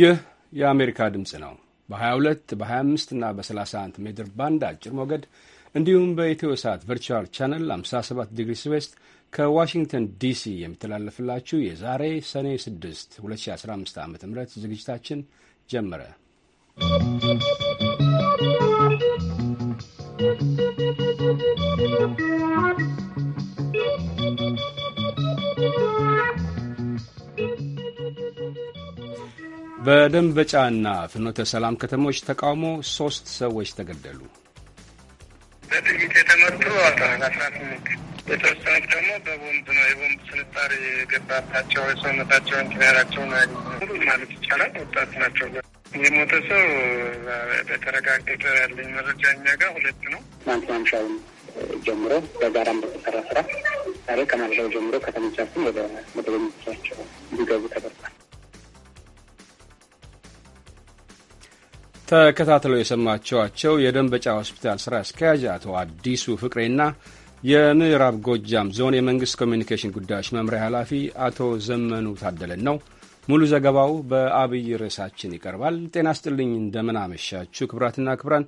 ይህ የአሜሪካ ድምፅ ነው። በ22 በ25 እና በ31 ሜትር ባንድ አጭር ሞገድ እንዲሁም በኢትዮ ሳት ቨርቹዋል ቻነል 57 ዲግሪ ስዌስት ከዋሽንግተን ዲሲ የሚተላለፍላችሁ የዛሬ ሰኔ 6 2015 ዓ ም ዝግጅታችን ጀመረ። ¶¶ በደንበጫና ፍኖተ ሰላም ከተሞች ተቃውሞ ሶስት ሰዎች ተገደሉ። በጥይት የተመቱ የተወሰኑት ደግሞ በቦምብ ነው የቦምብ ስንጣሪ የገባባቸው የሰውነታቸውን ትንያራቸውን ሙሉ ማለት ይቻላል ወጣት ናቸው። የሞተ ሰው በተረጋገጠ ያለኝ መረጃ እኛ ጋር ሁለት ነው። ትናንት ማምሻውን ጀምሮ በጋራም በተሰራ ስራ ዛሬ ከማለዳው ጀምሮ ከተመቻችን ወደ መደበኞቻቸው እንዲገቡ ተደርጓል። ተከታትለው የሰማችኋቸው የደንበጫ ሆስፒታል ስራ አስኪያጅ አቶ አዲሱ ፍቅሬና የምዕራብ ጎጃም ዞን የመንግስት ኮሚኒኬሽን ጉዳዮች መምሪያ ኃላፊ አቶ ዘመኑ ታደለን ነው። ሙሉ ዘገባው በአብይ ርዕሳችን ይቀርባል። ጤና ስጥልኝ፣ እንደምን አመሻችሁ ክብራትና ክብራን።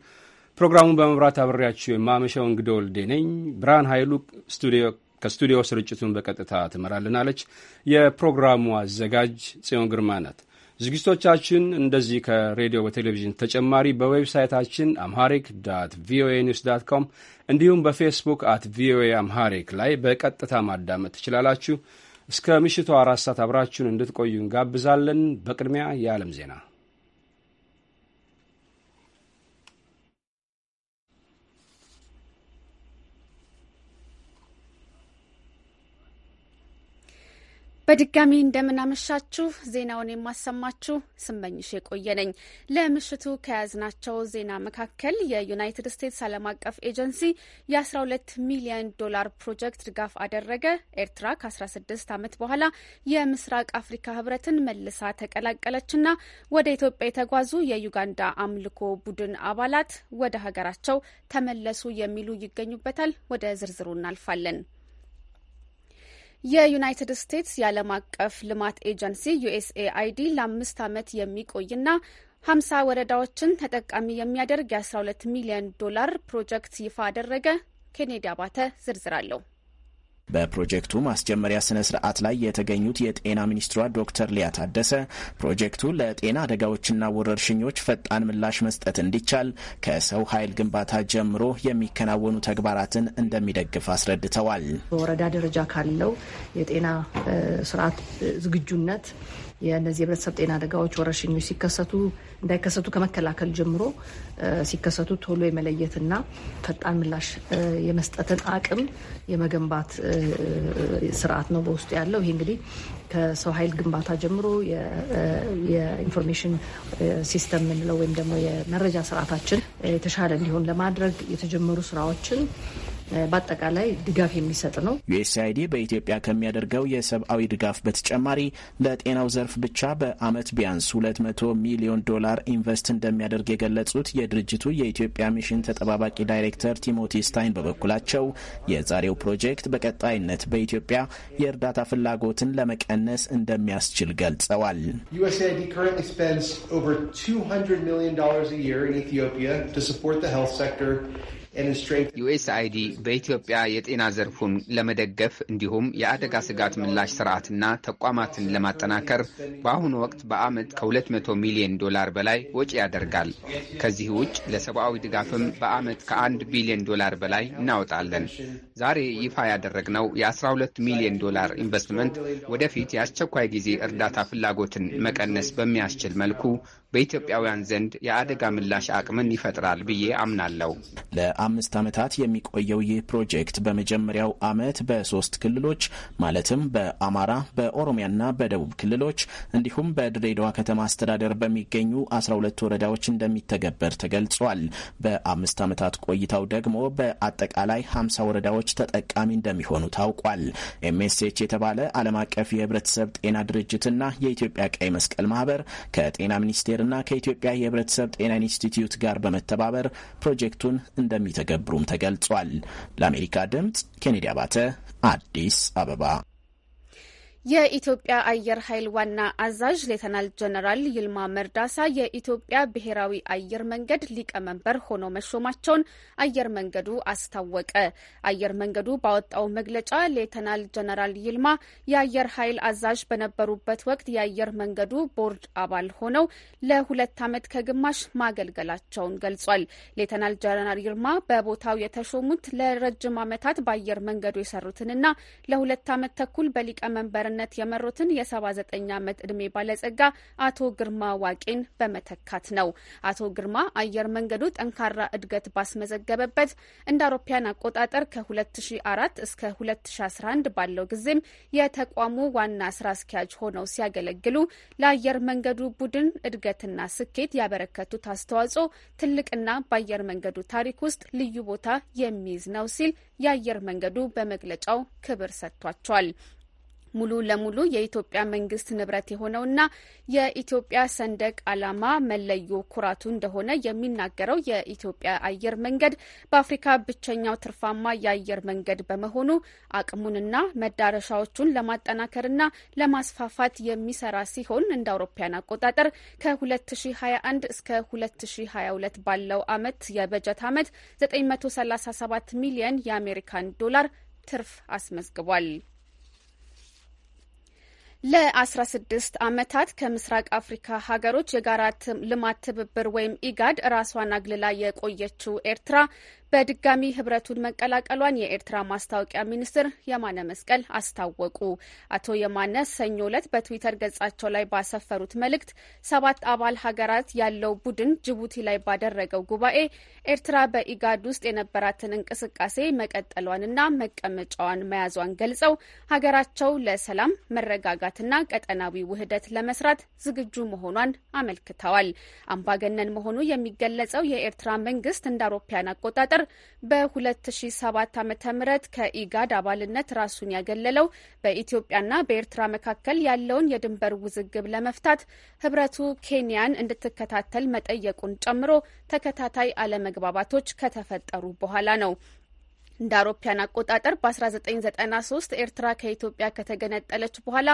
ፕሮግራሙን በመምራት አብሬያችሁ የማመሻው እንግዳ ወልዴ ነኝ። ብርሃን ኃይሉ ስቱዲዮ ከስቱዲዮ ስርጭቱን በቀጥታ ትመራልናለች። የፕሮግራሙ አዘጋጅ ጽዮን ግርማ ናት። ዝግጅቶቻችን እንደዚህ ከሬዲዮ በቴሌቪዥን ተጨማሪ በዌብሳይታችን አምሃሪክ ዳት ቪኦኤ ኒውስ ዳት ኮም እንዲሁም በፌስቡክ አት ቪኦኤ አምሃሪክ ላይ በቀጥታ ማዳመጥ ትችላላችሁ። እስከ ምሽቱ አራት ሰዓት አብራችሁን እንድትቆዩ እንጋብዛለን። በቅድሚያ የዓለም ዜና በድጋሚ እንደምናመሻችሁ ዜናውን የማሰማችሁ ስመኝሽ የቆየ ነኝ። ለምሽቱ ከያዝናቸው ዜና መካከል የዩናይትድ ስቴትስ ዓለም አቀፍ ኤጀንሲ የ12 ሚሊዮን ዶላር ፕሮጀክት ድጋፍ አደረገ፣ ኤርትራ ከ16 ዓመት በኋላ የምስራቅ አፍሪካ ህብረትን መልሳ ተቀላቀለችና ወደ ኢትዮጵያ የተጓዙ የዩጋንዳ አምልኮ ቡድን አባላት ወደ ሀገራቸው ተመለሱ የሚሉ ይገኙበታል። ወደ ዝርዝሩ እናልፋለን። የዩናይትድ ስቴትስ የዓለም አቀፍ ልማት ኤጀንሲ አይዲ ለአምስት ዓመት የሚቆይና ሀምሳ ወረዳዎችን ተጠቃሚ የሚያደርግ የ12 ሚሊዮን ዶላር ፕሮጀክት ይፋ አደረገ። ኬኔዲ አባተ ዝርዝር አለው። በፕሮጀክቱ ማስጀመሪያ ስነ ስርዓት ላይ የተገኙት የጤና ሚኒስትሯ ዶክተር ሊያ ታደሰ ፕሮጀክቱ ለጤና አደጋዎችና ወረርሽኞች ፈጣን ምላሽ መስጠት እንዲቻል ከሰው ኃይል ግንባታ ጀምሮ የሚከናወኑ ተግባራትን እንደሚደግፍ አስረድተዋል። በወረዳ ደረጃ ካለው የጤና ስርዓት ዝግጁነት የእነዚህ የህብረተሰብ ጤና አደጋዎች ወረርሽኞች ሲከሰቱ እንዳይከሰቱ ከመከላከል ጀምሮ ሲከሰቱ ቶሎ የመለየትና ፈጣን ምላሽ የመስጠትን አቅም የመገንባት ስርዓት ነው በውስጡ ያለው። ይህ እንግዲህ ከሰው ኃይል ግንባታ ጀምሮ የኢንፎርሜሽን ሲስተም የምንለው ወይም ደግሞ የመረጃ ስርዓታችን የተሻለ እንዲሆን ለማድረግ የተጀመሩ ስራዎችን በአጠቃላይ ድጋፍ የሚሰጥ ነው። ዩኤስአይዲ በኢትዮጵያ ከሚያደርገው የሰብአዊ ድጋፍ በተጨማሪ ለጤናው ዘርፍ ብቻ በአመት ቢያንስ 200 ሚሊዮን ዶላር ኢንቨስት እንደሚያደርግ የገለጹት የድርጅቱ የኢትዮጵያ ሚሽን ተጠባባቂ ዳይሬክተር ቲሞቲ ስታይን በበኩላቸው የዛሬው ፕሮጀክት በቀጣይነት በኢትዮጵያ የእርዳታ ፍላጎትን ለመቀነስ እንደሚያስችል ገልጸዋል። ዩኤስአይዲ በኢትዮጵያ የጤና ዘርፉን ለመደገፍ እንዲሁም የአደጋ ስጋት ምላሽ ስርዓትና ተቋማትን ለማጠናከር በአሁኑ ወቅት በዓመት ከ200 ሚሊዮን ዶላር በላይ ወጪ ያደርጋል። ከዚህ ውጭ ለሰብአዊ ድጋፍም በዓመት ከ1 ቢሊዮን ዶላር በላይ እናወጣለን። ዛሬ ይፋ ያደረግነው የ12 ሚሊዮን ዶላር ኢንቨስትመንት ወደፊት የአስቸኳይ ጊዜ እርዳታ ፍላጎትን መቀነስ በሚያስችል መልኩ በኢትዮጵያውያን ዘንድ የአደጋ ምላሽ አቅምን ይፈጥራል ብዬ አምናለሁ። ለአምስት ዓመታት የሚቆየው ይህ ፕሮጀክት በመጀመሪያው ዓመት በሶስት ክልሎች ማለትም በአማራ፣ በኦሮሚያና በደቡብ ክልሎች እንዲሁም በድሬዳዋ ከተማ አስተዳደር በሚገኙ 12 ወረዳዎች እንደሚተገበር ተገልጿል። በአምስት ዓመታት ቆይታው ደግሞ በአጠቃላይ 50 ወረዳዎች ተጠቃሚ እንደሚሆኑ ታውቋል። ኤምኤስኤች የተባለ ዓለም አቀፍ የህብረተሰብ ጤና ድርጅትና የኢትዮጵያ ቀይ መስቀል ማህበር ከጤና ሚኒስቴር እና ከኢትዮጵያ የህብረተሰብ ጤና ኢንስቲትዩት ጋር በመተባበር ፕሮጀክቱን እንደሚተገብሩም ተገልጿል። ለአሜሪካ ድምጽ ኬኔዲ አባተ አዲስ አበባ የኢትዮጵያ አየር ኃይል ዋና አዛዥ ሌተናል ጀነራል ይልማ መርዳሳ የኢትዮጵያ ብሔራዊ አየር መንገድ ሊቀመንበር ሆነው መሾማቸውን አየር መንገዱ አስታወቀ። አየር መንገዱ ባወጣው መግለጫ ሌተናል ጀነራል ይልማ የአየር ኃይል አዛዥ በነበሩበት ወቅት የአየር መንገዱ ቦርድ አባል ሆነው ለሁለት ዓመት ከግማሽ ማገልገላቸውን ገልጿል። ሌተናል ጀነራል ይልማ በቦታው የተሾሙት ለረጅም ዓመታት በአየር መንገዱ የሰሩትንና ለሁለት ዓመት ተኩል በሊቀመንበር ኃላፊነት የመሩትን የ79 ዓመት ዕድሜ ባለጸጋ አቶ ግርማ ዋቂን በመተካት ነው። አቶ ግርማ አየር መንገዱ ጠንካራ እድገት ባስመዘገበበት እንደ አውሮፓያን አቆጣጠር ከ2004 እስከ 2011 ባለው ጊዜም የተቋሙ ዋና ስራ አስኪያጅ ሆነው ሲያገለግሉ ለአየር መንገዱ ቡድን እድገትና ስኬት ያበረከቱት አስተዋጽኦ ትልቅና በአየር መንገዱ ታሪክ ውስጥ ልዩ ቦታ የሚይዝ ነው ሲል የአየር መንገዱ በመግለጫው ክብር ሰጥቷቸዋል። ሙሉ ለሙሉ የኢትዮጵያ መንግስት ንብረት የሆነውና የኢትዮጵያ ሰንደቅ ዓላማ መለዮ ኩራቱ እንደሆነ የሚናገረው የኢትዮጵያ አየር መንገድ በአፍሪካ ብቸኛው ትርፋማ የአየር መንገድ በመሆኑ አቅሙንና መዳረሻዎቹን ለማጠናከርና ለማስፋፋት የሚሰራ ሲሆን እንደ አውሮፓያን አቆጣጠር ከ2021 እስከ 2022 ባለው አመት የበጀት አመት 937 ሚሊየን የአሜሪካን ዶላር ትርፍ አስመዝግቧል። ለ16 ዓመታት ከምስራቅ አፍሪካ ሀገሮች የጋራ ልማት ትብብር ወይም ኢጋድ ራሷን አግልላ የቆየችው ኤርትራ በድጋሚ ህብረቱን መቀላቀሏን የኤርትራ ማስታወቂያ ሚኒስትር የማነ መስቀል አስታወቁ። አቶ የማነ ሰኞ ዕለት በትዊተር ገጻቸው ላይ ባሰፈሩት መልእክት ሰባት አባል ሀገራት ያለው ቡድን ጅቡቲ ላይ ባደረገው ጉባኤ ኤርትራ በኢጋድ ውስጥ የነበራትን እንቅስቃሴ መቀጠሏንና መቀመጫዋን መያዟን ገልጸው ሀገራቸው ለሰላም መረጋጋትና ቀጠናዊ ውህደት ለመስራት ዝግጁ መሆኗን አመልክተዋል። አምባገነን መሆኑ የሚገለጸው የኤርትራ መንግስት እንደ አውሮፓያን አቆጣጠር አቆጣጠር በ2007 ም ከኢጋድ አባልነት ራሱን ያገለለው በኢትዮጵያና በኤርትራ መካከል ያለውን የድንበር ውዝግብ ለመፍታት ህብረቱ ኬንያን እንድትከታተል መጠየቁን ጨምሮ ተከታታይ አለመግባባቶች ከተፈጠሩ በኋላ ነው። እንደ አውሮፓያን አቆጣጠር በ1993 ኤርትራ ከኢትዮጵያ ከተገነጠለች በኋላ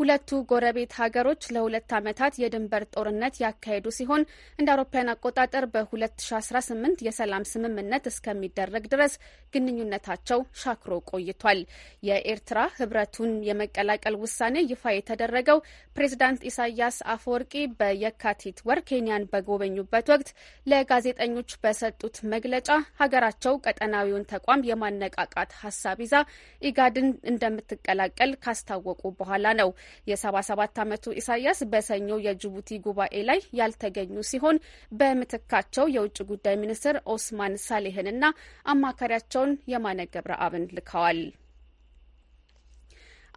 ሁለቱ ጎረቤት ሀገሮች ለሁለት ዓመታት የድንበር ጦርነት ያካሄዱ ሲሆን እንደ አውሮፓውያን አቆጣጠር በ2018 የሰላም ስምምነት እስከሚደረግ ድረስ ግንኙነታቸው ሻክሮ ቆይቷል። የኤርትራ ህብረቱን የመቀላቀል ውሳኔ ይፋ የተደረገው ፕሬዚዳንት ኢሳያስ አፈወርቂ በየካቲት ወር ኬንያን በጎበኙበት ወቅት ለጋዜጠኞች በሰጡት መግለጫ ሀገራቸው ቀጠናዊውን ተቋም የማነቃቃት ሀሳብ ይዛ ኢጋድን እንደምትቀላቀል ካስታወቁ በኋላ ነው። የ77 ዓመቱ ኢሳያስ በሰኞ የጅቡቲ ጉባኤ ላይ ያልተገኙ ሲሆን በምትካቸው የውጭ ጉዳይ ሚኒስትር ኦስማን ሳሌህንና አማካሪያቸውን የማነ አብን ልከዋል።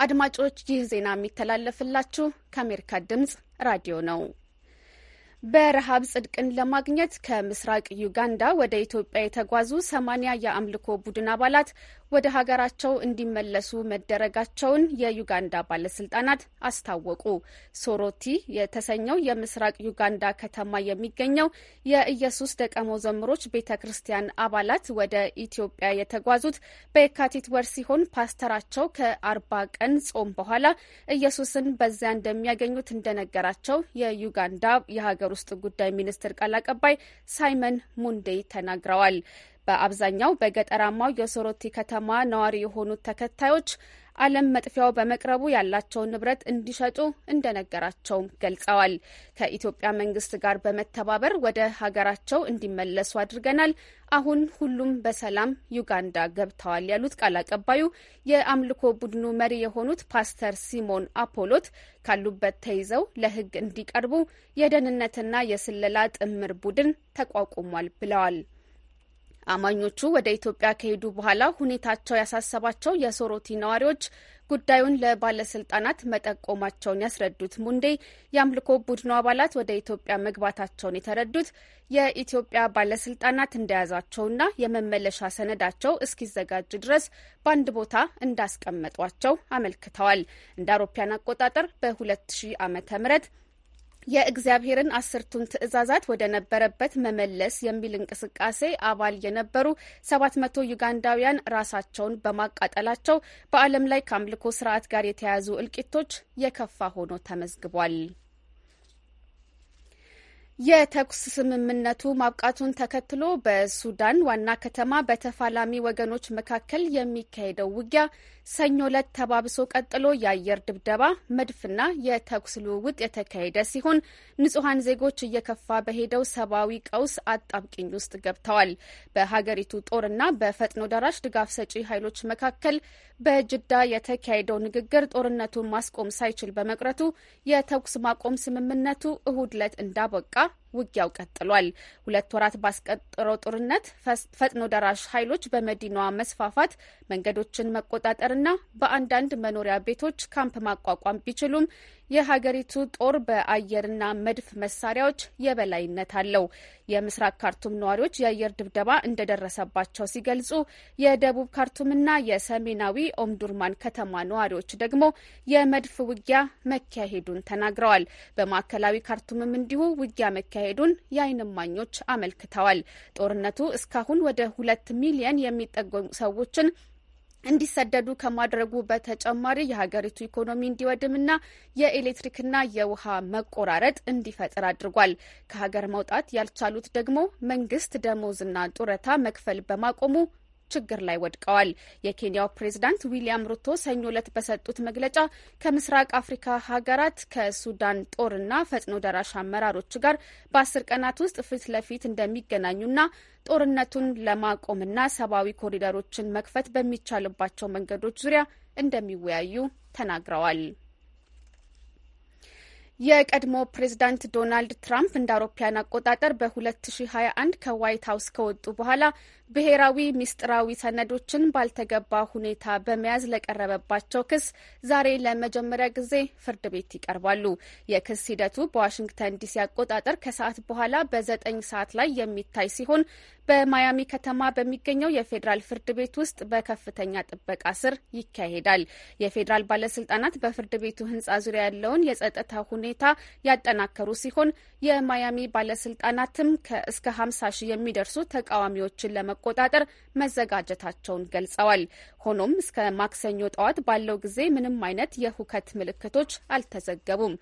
አድማጮች ይህ ዜና የሚተላለፍላችሁ ከአሜሪካ ድምጽ ራዲዮ ነው። በረሃብ ጽድቅን ለማግኘት ከምስራቅ ዩጋንዳ ወደ ኢትዮጵያ የተጓዙ ሰማኒያ የአምልኮ ቡድን አባላት ወደ ሀገራቸው እንዲመለሱ መደረጋቸውን የዩጋንዳ ባለስልጣናት አስታወቁ። ሶሮቲ የተሰኘው የምስራቅ ዩጋንዳ ከተማ የሚገኘው የኢየሱስ ደቀ መዘምሮች ቤተ ክርስቲያን አባላት ወደ ኢትዮጵያ የተጓዙት በየካቲት ወር ሲሆን ፓስተራቸው ከአርባ ቀን ጾም በኋላ ኢየሱስን በዚያ እንደሚያገኙት እንደነገራቸው የዩጋንዳ የሀገር ውስጥ ጉዳይ ሚኒስትር ቃል አቀባይ ሳይመን ሙንዴ ተናግረዋል። በአብዛኛው በገጠራማው የሶሮቲ ከተማ ነዋሪ የሆኑት ተከታዮች ዓለም መጥፊያው በመቅረቡ ያላቸውን ንብረት እንዲሸጡ እንደነገራቸው ገልጸዋል። ከኢትዮጵያ መንግስት ጋር በመተባበር ወደ ሀገራቸው እንዲመለሱ አድርገናል። አሁን ሁሉም በሰላም ዩጋንዳ ገብተዋል ያሉት ቃል አቀባዩ የአምልኮ ቡድኑ መሪ የሆኑት ፓስተር ሲሞን አፖሎት ካሉበት ተይዘው ለሕግ እንዲቀርቡ የደህንነትና የስለላ ጥምር ቡድን ተቋቁሟል ብለዋል። አማኞቹ ወደ ኢትዮጵያ ከሄዱ በኋላ ሁኔታቸው ያሳሰባቸው የሶሮቲ ነዋሪዎች ጉዳዩን ለባለስልጣናት መጠቆማቸውን ያስረዱት ሙንዴ የአምልኮ ቡድኑ አባላት ወደ ኢትዮጵያ መግባታቸውን የተረዱት የኢትዮጵያ ባለስልጣናት እንደያዟቸውና የመመለሻ ሰነዳቸው እስኪዘጋጅ ድረስ በአንድ ቦታ እንዳስቀመጧቸው አመልክተዋል። እንደ አውሮፓያን አቆጣጠር በ2000 ም የእግዚአብሔርን አስርቱን ትእዛዛት ወደ ነበረበት መመለስ የሚል እንቅስቃሴ አባል የነበሩ ሰባት መቶ ዩጋንዳውያን ራሳቸውን በማቃጠላቸው በዓለም ላይ ከአምልኮ ስርዓት ጋር የተያያዙ እልቂቶች የከፋ ሆኖ ተመዝግቧል። የተኩስ ስምምነቱ ማብቃቱን ተከትሎ በሱዳን ዋና ከተማ በተፋላሚ ወገኖች መካከል የሚካሄደው ውጊያ ሰኞ ዕለት ተባብሶ ቀጥሎ የአየር ድብደባ፣ መድፍና የተኩስ ልውውጥ የተካሄደ ሲሆን ንጹሐን ዜጎች እየከፋ በሄደው ሰብአዊ ቀውስ አጣብቂኝ ውስጥ ገብተዋል። በሀገሪቱ ጦርና በፈጥኖ ደራሽ ድጋፍ ሰጪ ኃይሎች መካከል በጅዳ የተካሄደው ንግግር ጦርነቱን ማስቆም ሳይችል በመቅረቱ የተኩስ ማቆም ስምምነቱ እሁድ ዕለት እንዳበቃ ውጊያው ቀጥሏል። ሁለት ወራት ባስቆጠረው ጦርነት ፈጥኖ ደራሽ ኃይሎች በመዲናዋ መስፋፋት መንገዶችን መቆጣጠርና በአንዳንድ መኖሪያ ቤቶች ካምፕ ማቋቋም ቢችሉም የሀገሪቱ ጦር በአየርና መድፍ መሳሪያዎች የበላይነት አለው። የምስራቅ ካርቱም ነዋሪዎች የአየር ድብደባ እንደደረሰባቸው ሲገልጹ፣ የደቡብ ካርቱምና የሰሜናዊ ኦምዱርማን ከተማ ነዋሪዎች ደግሞ የመድፍ ውጊያ መካሄዱን ተናግረዋል። በማዕከላዊ ካርቱምም እንዲሁ ውጊያ መካሄዱን የአይንማኞች እማኞች አመልክተዋል። ጦርነቱ እስካሁን ወደ ሁለት ሚሊየን የሚጠጉ ሰዎችን እንዲሰደዱ ከማድረጉ በተጨማሪ የሀገሪቱ ኢኮኖሚ እንዲወድምና የኤሌክትሪክና የውሃ መቆራረጥ እንዲፈጥር አድርጓል። ከሀገር መውጣት ያልቻሉት ደግሞ መንግስት ደሞዝና ጡረታ መክፈል በማቆሙ ችግር ላይ ወድቀዋል። የኬንያው ፕሬዝዳንት ዊሊያም ሩቶ ሰኞ ዕለት በሰጡት መግለጫ ከምስራቅ አፍሪካ ሀገራት ከሱዳን ጦርና ፈጥኖ ደራሽ አመራሮች ጋር በአስር ቀናት ውስጥ ፊት ለፊት እንደሚገናኙና ጦርነቱን ለማቆምና ሰብአዊ ኮሪደሮችን መክፈት በሚቻልባቸው መንገዶች ዙሪያ እንደሚወያዩ ተናግረዋል። የቀድሞ ፕሬዝዳንት ዶናልድ ትራምፕ እንደ አውሮፓያን አቆጣጠር በ2021 ከዋይት ሀውስ ከወጡ በኋላ ብሔራዊ ሚስጥራዊ ሰነዶችን ባልተገባ ሁኔታ በመያዝ ለቀረበባቸው ክስ ዛሬ ለመጀመሪያ ጊዜ ፍርድ ቤት ይቀርባሉ። የክስ ሂደቱ በዋሽንግተን ዲሲ አቆጣጠር ከሰዓት በኋላ በዘጠኝ ሰዓት ላይ የሚታይ ሲሆን በማያሚ ከተማ በሚገኘው የፌዴራል ፍርድ ቤት ውስጥ በከፍተኛ ጥበቃ ስር ይካሄዳል። የፌዴራል ባለስልጣናት በፍርድ ቤቱ ህንፃ ዙሪያ ያለውን የጸጥታ ሁኔታ ያጠናከሩ ሲሆን የማያሚ ባለስልጣናትም እስከ ሀምሳ ሺህ የሚደርሱ ተቃዋሚዎችን ለመ ለመቆጣጠር መዘጋጀታቸውን ገልጸዋል። ሆኖም እስከ ማክሰኞ ጠዋት ባለው ጊዜ ምንም አይነት የሁከት ምልክቶች አልተዘገቡም።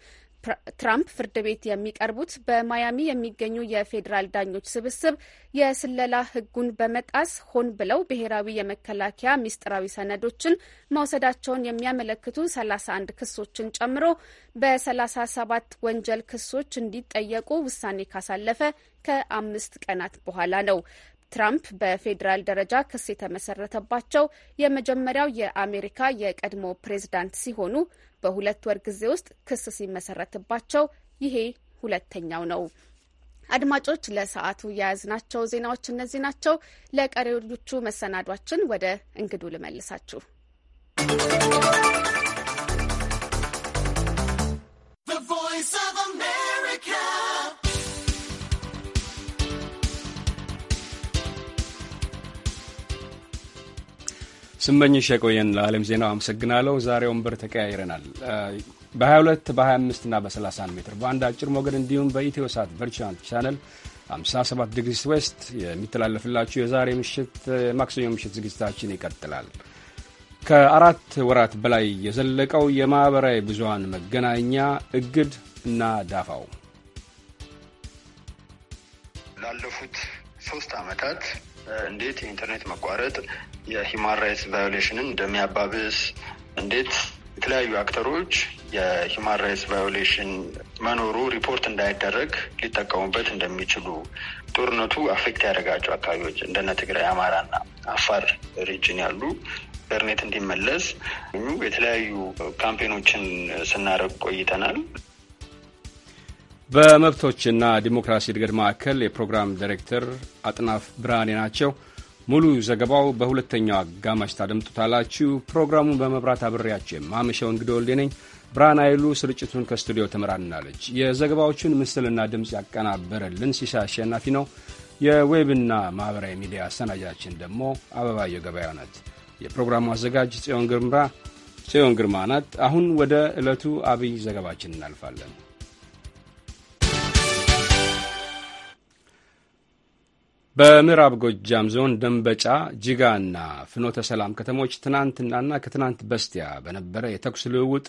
ትራምፕ ፍርድ ቤት የሚቀርቡት በማያሚ የሚገኙ የፌዴራል ዳኞች ስብስብ የስለላ ሕጉን በመጣስ ሆን ብለው ብሔራዊ የመከላከያ ሚስጥራዊ ሰነዶችን መውሰዳቸውን የሚያመለክቱ 31 ክሶችን ጨምሮ በ37 ወንጀል ክሶች እንዲጠየቁ ውሳኔ ካሳለፈ ከአምስት ቀናት በኋላ ነው። ትራምፕ በፌዴራል ደረጃ ክስ የተመሰረተባቸው የመጀመሪያው የአሜሪካ የቀድሞ ፕሬዝዳንት ሲሆኑ በሁለት ወር ጊዜ ውስጥ ክስ ሲመሰረትባቸው ይሄ ሁለተኛው ነው። አድማጮች ለሰዓቱ የያዝናቸው ዜናዎች እነዚህ ናቸው። ለቀሪዎቹ መሰናዷችን ወደ እንግዱ ልመልሳችሁ። ስመኝሽ የቆየን ለዓለም ዜናው አመሰግናለሁ። ዛሬ ወንበር ተቀያይረናል። በ22 በ25 እና በ31 ሜትር በአንድ አጭር ሞገድ እንዲሁም በኢትዮ ሳት ቨርቹዋል ቻነል 57 ዲግሪ ዌስት የሚተላለፍላችሁ የዛሬ ምሽት ማክሰኞ ምሽት ዝግጅታችን ይቀጥላል። ከአራት ወራት በላይ የዘለቀው የማኅበራዊ ብዙሃን መገናኛ እግድ እና ዳፋው ላለፉት ሶስት ዓመታት እንዴት የኢንተርኔት መቋረጥ የሂማን ራይትስ ቫዮሌሽንን እንደሚያባብስ እንዴት የተለያዩ አክተሮች የሂማን ራይትስ ቫዮሌሽን መኖሩ ሪፖርት እንዳይደረግ ሊጠቀሙበት እንደሚችሉ ጦርነቱ አፌክት ያደረጋቸው አካባቢዎች እንደነ ትግራይ፣ አማራና አፋር ሪጅን ያሉ ኢንተርኔት እንዲመለስ የተለያዩ ካምፔኖችን ስናደርግ ቆይተናል። በመብቶችና ዲሞክራሲ እድገት ማዕከል የፕሮግራም ዳይሬክተር አጥናፍ ብርሃኔ ናቸው። ሙሉ ዘገባው በሁለተኛው አጋማሽ ታደምጡታላችሁ። ፕሮግራሙን በመብራት አብሬያቸው የማመሻው እንግዳ ወልዴ ነኝ። ብርሃን አይሉ ስርጭቱን ከስቱዲዮ ትመራናለች። የዘገባዎቹን ምስልና ድምፅ ያቀናበረልን ሲሳ አሸናፊ ነው። የዌብና ማኅበራዊ ሚዲያ አሰናጃችን ደግሞ አበባየሁ ገበያው ናት። የፕሮግራሙ አዘጋጅ ጽዮን ግርማ ናት። አሁን ወደ ዕለቱ አብይ ዘገባችን እናልፋለን። በምዕራብ ጎጃም ዞን ደንበጫ፣ ጅጋና ፍኖተ ሰላም ከተሞች ትናንትናና ከትናንት በስቲያ በነበረ የተኩስ ልውውጥ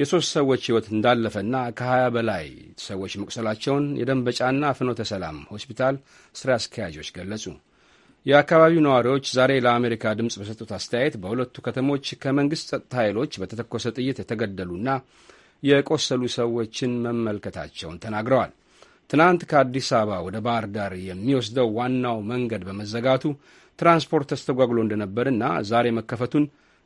የሦስት ሰዎች ሕይወት እንዳለፈና ከ20 በላይ ሰዎች መቁሰላቸውን የደንበጫና ፍኖተ ሰላም ሆስፒታል ሥራ አስኪያጆች ገለጹ። የአካባቢው ነዋሪዎች ዛሬ ለአሜሪካ ድምፅ በሰጡት አስተያየት በሁለቱ ከተሞች ከመንግሥት ጸጥታ ኃይሎች በተተኮሰ ጥይት የተገደሉና የቆሰሉ ሰዎችን መመልከታቸውን ተናግረዋል። ትናንት ከአዲስ አበባ ወደ ባህር ዳር የሚወስደው ዋናው መንገድ በመዘጋቱ ትራንስፖርት ተስተጓጉሎ እንደነበርና ዛሬ መከፈቱን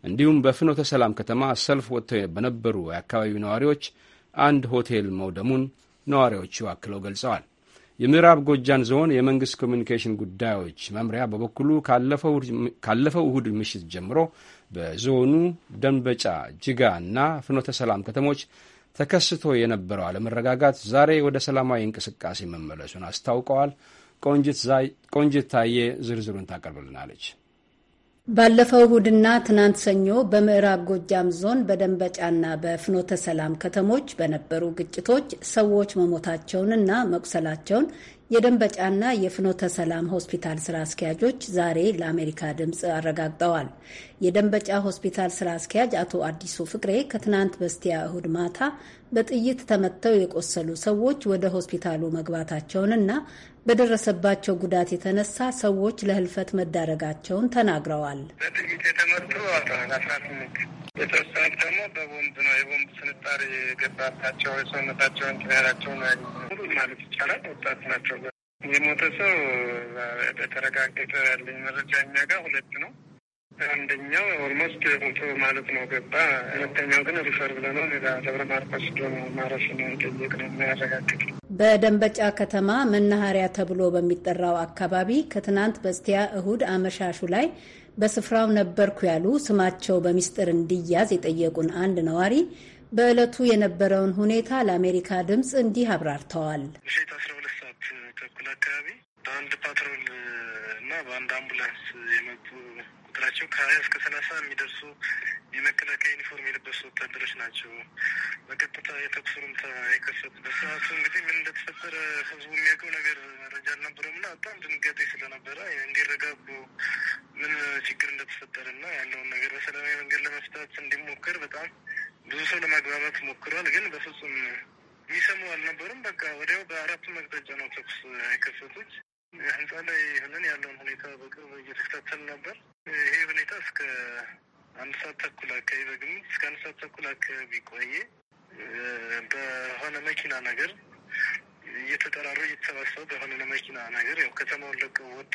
እንዲሁም በፍኖተ ሰላም ከተማ ሰልፍ ወጥተው በነበሩ የአካባቢው ነዋሪዎች አንድ ሆቴል መውደሙን ነዋሪዎቹ አክለው ገልጸዋል። የምዕራብ ጎጃን ዞን የመንግሥት ኮሚኒኬሽን ጉዳዮች መምሪያ በበኩሉ ካለፈው እሁድ ምሽት ጀምሮ በዞኑ ደንበጫ፣ ጅጋ እና ፍኖተ ሰላም ከተሞች ተከስቶ የነበረው አለመረጋጋት ዛሬ ወደ ሰላማዊ እንቅስቃሴ መመለሱን አስታውቀዋል። ቆንጅት ታዬ ዝርዝሩን ታቀርብልናለች። ባለፈው እሁድና ትናንት ሰኞ በምዕራብ ጎጃም ዞን በደንበጫና በፍኖተ ሰላም ከተሞች በነበሩ ግጭቶች ሰዎች መሞታቸውንና መቁሰላቸውን የደንበጫና የፍኖተ ሰላም ሆስፒታል ስራ አስኪያጆች ዛሬ ለአሜሪካ ድምፅ አረጋግጠዋል። የደንበጫ ሆስፒታል ስራ አስኪያጅ አቶ አዲሱ ፍቅሬ ከትናንት በስቲያ እሁድ ማታ በጥይት ተመተው የቆሰሉ ሰዎች ወደ ሆስፒታሉ መግባታቸውንና በደረሰባቸው ጉዳት የተነሳ ሰዎች ለህልፈት መዳረጋቸውን ተናግረዋል። በጥይት የተመቱ አስራ የተወሰኑት ደግሞ በቦምብ ነው የቦምብ ስንጣሪ የገባባቸው የሰውነታቸውን ያላቸውን ሙሉ ማለት ይቻላል ወጣት ናቸው። የሞተ ሰው በተረጋገጠ ያለኝ መረጃ የሚያጋ ሁለት ነው። አንደኛው ኦልሞስት ሞቶ ማለት ነው ገባ። ሁለተኛው ግን ሪፈር ብለ ነው ሌላ ደብረ ማርቆስ ዶ ማረፍ ነው ጠየቅ ነው የሚያረጋግጥ። በደንበጫ ከተማ መናኸሪያ ተብሎ በሚጠራው አካባቢ ከትናንት በስቲያ እሁድ አመሻሹ ላይ በስፍራው ነበርኩ ያሉ ስማቸው በሚስጥር እንዲያዝ የጠየቁን አንድ ነዋሪ በዕለቱ የነበረውን ሁኔታ ለአሜሪካ ድምፅ እንዲህ አብራርተዋል። ምሽት አስራ ሁለት ሰዓት ተኩል አካባቢ በአንድ ፓትሮል እና በአንድ አምቡላንስ የመጡ ስንቆጥራቸው ከሀያ እስከ ሰላሳ የሚደርሱ የመከላከያ ዩኒፎርም የለበሱ ወታደሮች ናቸው በቀጥታ የተኩስ ሩምታ የከፈቱ። በሰዓቱ እንግዲህ ምን እንደተፈጠረ ህዝቡ የሚያውቀው ነገር መረጃ አልነበረም እና በጣም ድንጋጤ ስለነበረ እንዲረጋጉ ምን ችግር እንደተፈጠረ እና ያለውን ነገር በሰላማዊ መንገድ ለመፍታት እንዲሞክር በጣም ብዙ ሰው ለማግባባት ሞክሯል። ግን በፍጹም የሚሰሙ አልነበሩም። በቃ ወዲያው በአራቱ መቅጠጫ ነው ተኩስ የከፈቱት። ህንፃ ላይ ሆነን ያለውን ሁኔታ በቅርብ እየተከታተል ነበር። ይሄ ሁኔታ እስከ አንድ ሰዓት ተኩል አካባቢ በግምት እስከ አንድ ሰዓት ተኩል አካባቢ ቆየ። በሆነ መኪና ነገር እየተጠራሩ እየተሰባሰቡ በሆነ መኪና ነገር ያው ከተማውን ለቀው ወጡ።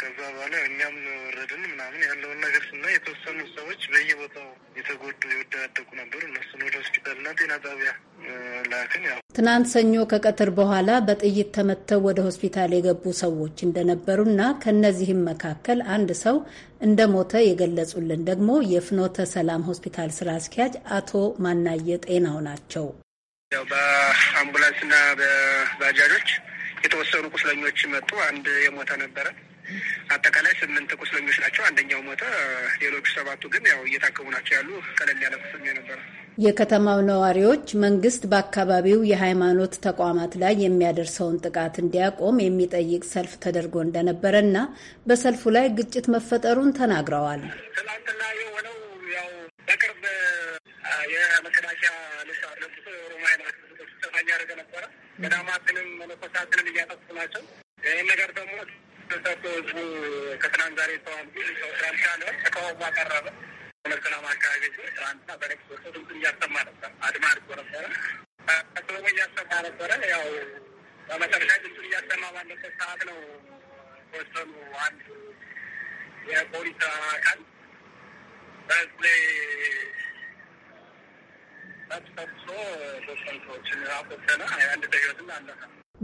ከዛ በኋላ እኛም ወረድን ምናምን ያለውን ነገር ስና የተወሰኑ ሰዎች በየቦታው የተጎዱ የወደዳደቁ ነበሩ። እነሱን ወደ ሆስፒታልና ጤና ጣቢያ ላክን። ያው ትናንት ሰኞ ከቀትር በኋላ በጥይት ተመተው ወደ ሆስፒታል የገቡ ሰዎች እንደነበሩና ከእነዚህም መካከል አንድ ሰው እንደ ሞተ የገለጹልን ደግሞ የፍኖተ ሰላም ሆስፒታል ስራ አስኪያጅ አቶ ማናየ ጤናው ናቸው። ያው በአምቡላንስ እና በባጃጆች የተወሰኑ ቁስለኞች መጡ። አንድ የሞተ ነበረ። አጠቃላይ ስምንት ቁስለኞች ናቸው። አንደኛው ሞተ። ሌሎቹ ሰባቱ ግን ያው እየታከሙ ናቸው ያሉ ቀለል ያለ ቁስለኛ ነበረ። የከተማው ነዋሪዎች መንግስት በአካባቢው የሃይማኖት ተቋማት ላይ የሚያደርሰውን ጥቃት እንዲያቆም የሚጠይቅ ሰልፍ ተደርጎ እንደነበረ እና በሰልፉ ላይ ግጭት መፈጠሩን ተናግረዋል። ትላንትና የሆነው ያው በቅርብ የመከላከያ ልብስ ለብሶ እያደረገ ነበረ። ገዳማትንም መነኮሳትንም እያጠፉ ናቸው። ይህን ነገር ደግሞ ሰቶ ህዝቡ ከትናንት ዛሬ ተዋል ስራልቻለ ተቃውሞ አቀረበ። መሰላም አካባቢ ትናንትና በነክስ ወርቶ ድምፅ እያሰማ ነበር። አድማ አድርጎ ነበረ ሰሞ እያሰማ ነበረ። ያው በመጨረሻ ድምፅ እያሰማ ባለበት ሰዓት ነው ወሰኑ አንድ የፖሊስ አካል በህዝብ ላይ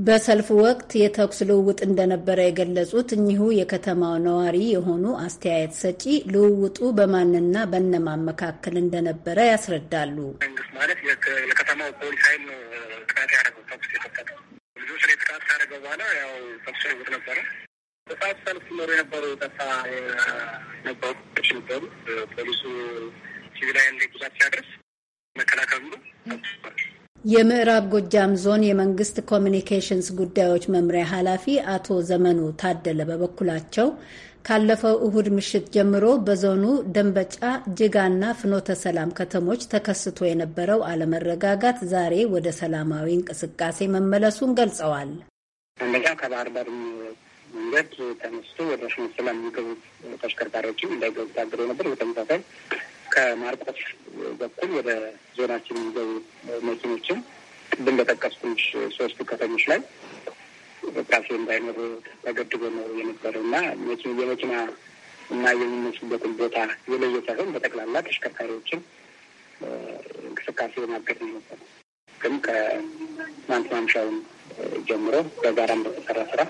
በሰልፍ ወቅት የተኩስ ልውውጥ እንደነበረ የገለጹት እኚሁ የከተማው ነዋሪ የሆኑ አስተያየት ሰጪ ልውውጡ በማንና በነማን መካከል እንደነበረ ያስረዳሉ። መንግስት ማለት የከተማው ፖሊስ ኃይል ነው ጥቃት ያደረገው ተኩስ ጥቃት ካደረገ በኋላ ያው ተኩስ ልውውጥ ነበረ። በሰዓት ሰልፍ ኖሮ የነበሩ ጠፋ ነበሩ ነበሩ ፖሊሱ ሲቪላዊ ጉዳት ሲያደርስ መከላከሉ ነው። የምዕራብ ጎጃም ዞን የመንግስት ኮሚኒኬሽንስ ጉዳዮች መምሪያ ኃላፊ አቶ ዘመኑ ታደለ በበኩላቸው ካለፈው እሁድ ምሽት ጀምሮ በዞኑ ደንበጫ፣ ጅጋና ፍኖተ ሰላም ከተሞች ተከስቶ የነበረው አለመረጋጋት ዛሬ ወደ ሰላማዊ እንቅስቃሴ መመለሱን ገልጸዋል። ደንበጫ ከባህር ዳር መንገድ ተነስቶ ወደ ፍኖተ ሰላም የሚገቡ ተሽከርካሪዎችም እንዳይገቡ ታግሮ ነበር። በተመሳሳይ ከማርቆስ በኩል ወደ ዞናችን የሚገቡ መኪኖችን ቅድም በጠቀስኩሽ ሶስቱ ከተሞች ላይ እንቅስቃሴ እንዳይኖር ተገድቦ ነው የነበረው እና የመኪና እና የሚነሱበትን ቦታ የለየ ሳይሆን በጠቅላላ ተሽከርካሪዎችን እንቅስቃሴ ማገድ ነው የነበረው። ግን ከትናንት ማምሻውን ጀምሮ በጋራም በተሰራ ስራ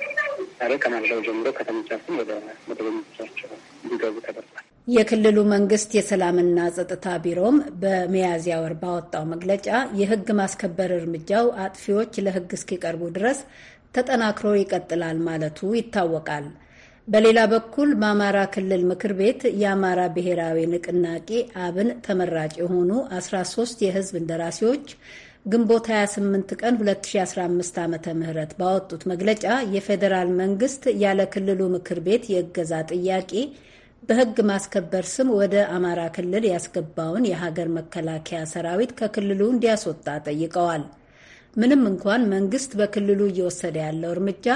ዛሬ ከማለዳው ጀምሮ ከተመቻቹም ወደ መደበኞቻቸው እንዲገቡ ተደርጓል። የክልሉ መንግስት የሰላምና ጸጥታ ቢሮም በሚያዝያ ወር ባወጣው መግለጫ የህግ ማስከበር እርምጃው አጥፊዎች ለህግ እስኪቀርቡ ድረስ ተጠናክሮ ይቀጥላል ማለቱ ይታወቃል። በሌላ በኩል በአማራ ክልል ምክር ቤት የአማራ ብሔራዊ ንቅናቄ አብን ተመራጭ የሆኑ 13 የህዝብ እንደራሴዎች ግንቦት 28 ቀን 2015 ዓ ም ባወጡት መግለጫ የፌዴራል መንግስት ያለ ክልሉ ምክር ቤት የእገዛ ጥያቄ በህግ ማስከበር ስም ወደ አማራ ክልል ያስገባውን የሀገር መከላከያ ሰራዊት ከክልሉ እንዲያስወጣ ጠይቀዋል። ምንም እንኳን መንግስት በክልሉ እየወሰደ ያለው እርምጃ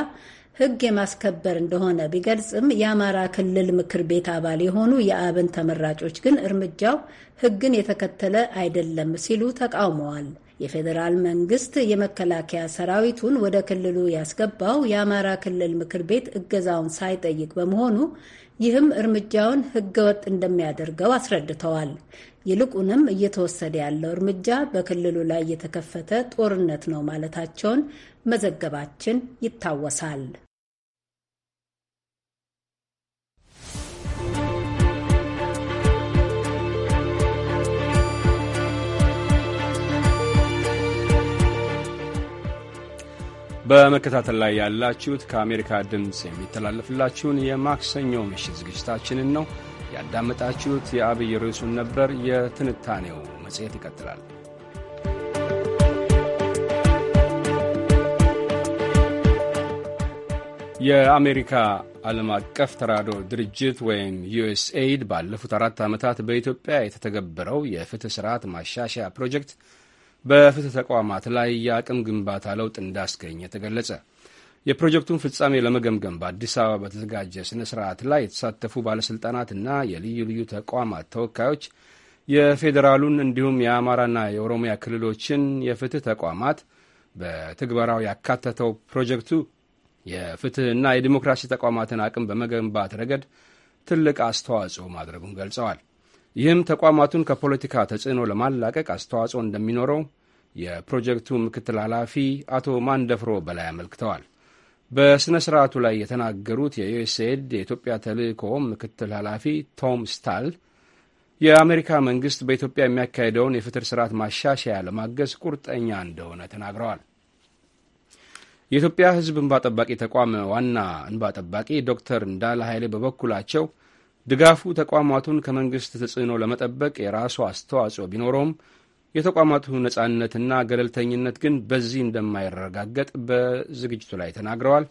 ህግ የማስከበር እንደሆነ ቢገልጽም የአማራ ክልል ምክር ቤት አባል የሆኑ የአብን ተመራጮች ግን እርምጃው ህግን የተከተለ አይደለም ሲሉ ተቃውመዋል። የፌዴራል መንግስት የመከላከያ ሰራዊቱን ወደ ክልሉ ያስገባው የአማራ ክልል ምክር ቤት እገዛውን ሳይጠይቅ በመሆኑ ይህም እርምጃውን ህገወጥ እንደሚያደርገው አስረድተዋል። ይልቁንም እየተወሰደ ያለው እርምጃ በክልሉ ላይ የተከፈተ ጦርነት ነው ማለታቸውን መዘገባችን ይታወሳል። በመከታተል ላይ ያላችሁት ከአሜሪካ ድምፅ የሚተላለፍላችሁን የማክሰኞ ምሽት ዝግጅታችንን ነው። ያዳመጣችሁት የአብይ ርዕሱን ነበር። የትንታኔው መጽሔት ይቀጥላል። የአሜሪካ ዓለም አቀፍ ተራድኦ ድርጅት ወይም ዩኤስኤይድ ባለፉት አራት ዓመታት በኢትዮጵያ የተተገበረው የፍትሕ ስርዓት ማሻሻያ ፕሮጀክት በፍትህ ተቋማት ላይ የአቅም ግንባታ ለውጥ እንዳስገኘ ተገለጸ። የፕሮጀክቱን ፍጻሜ ለመገምገም በአዲስ አበባ በተዘጋጀ ስነ ስርዓት ላይ የተሳተፉ ባለሥልጣናትና የልዩ ልዩ ተቋማት ተወካዮች የፌዴራሉን እንዲሁም የአማራና የኦሮሚያ ክልሎችን የፍትህ ተቋማት በትግበራው ያካተተው ፕሮጀክቱ የፍትህና የዲሞክራሲ ተቋማትን አቅም በመገንባት ረገድ ትልቅ አስተዋጽኦ ማድረጉን ገልጸዋል። ይህም ተቋማቱን ከፖለቲካ ተጽዕኖ ለማላቀቅ አስተዋጽኦ እንደሚኖረው የፕሮጀክቱ ምክትል ኃላፊ አቶ ማንደፍሮ በላይ አመልክተዋል። በሥነ ሥርዓቱ ላይ የተናገሩት የዩኤስኤድ የኢትዮጵያ ተልእኮ ምክትል ኃላፊ ቶም ስታል የአሜሪካ መንግሥት በኢትዮጵያ የሚያካሄደውን የፍትር ስርዓት ማሻሻያ ለማገዝ ቁርጠኛ እንደሆነ ተናግረዋል። የኢትዮጵያ ሕዝብ እንባ ጠባቂ ተቋም ዋና እንባ ጠባቂ ዶክተር እንዳለ ኃይሌ በበኩላቸው ድጋፉ ተቋማቱን ከመንግሥት ተጽዕኖ ለመጠበቅ የራሱ አስተዋጽኦ ቢኖረውም የተቋማቱ ነጻነትና ገለልተኝነት ግን በዚህ እንደማይረጋገጥ በዝግጅቱ ላይ ተናግረዋል።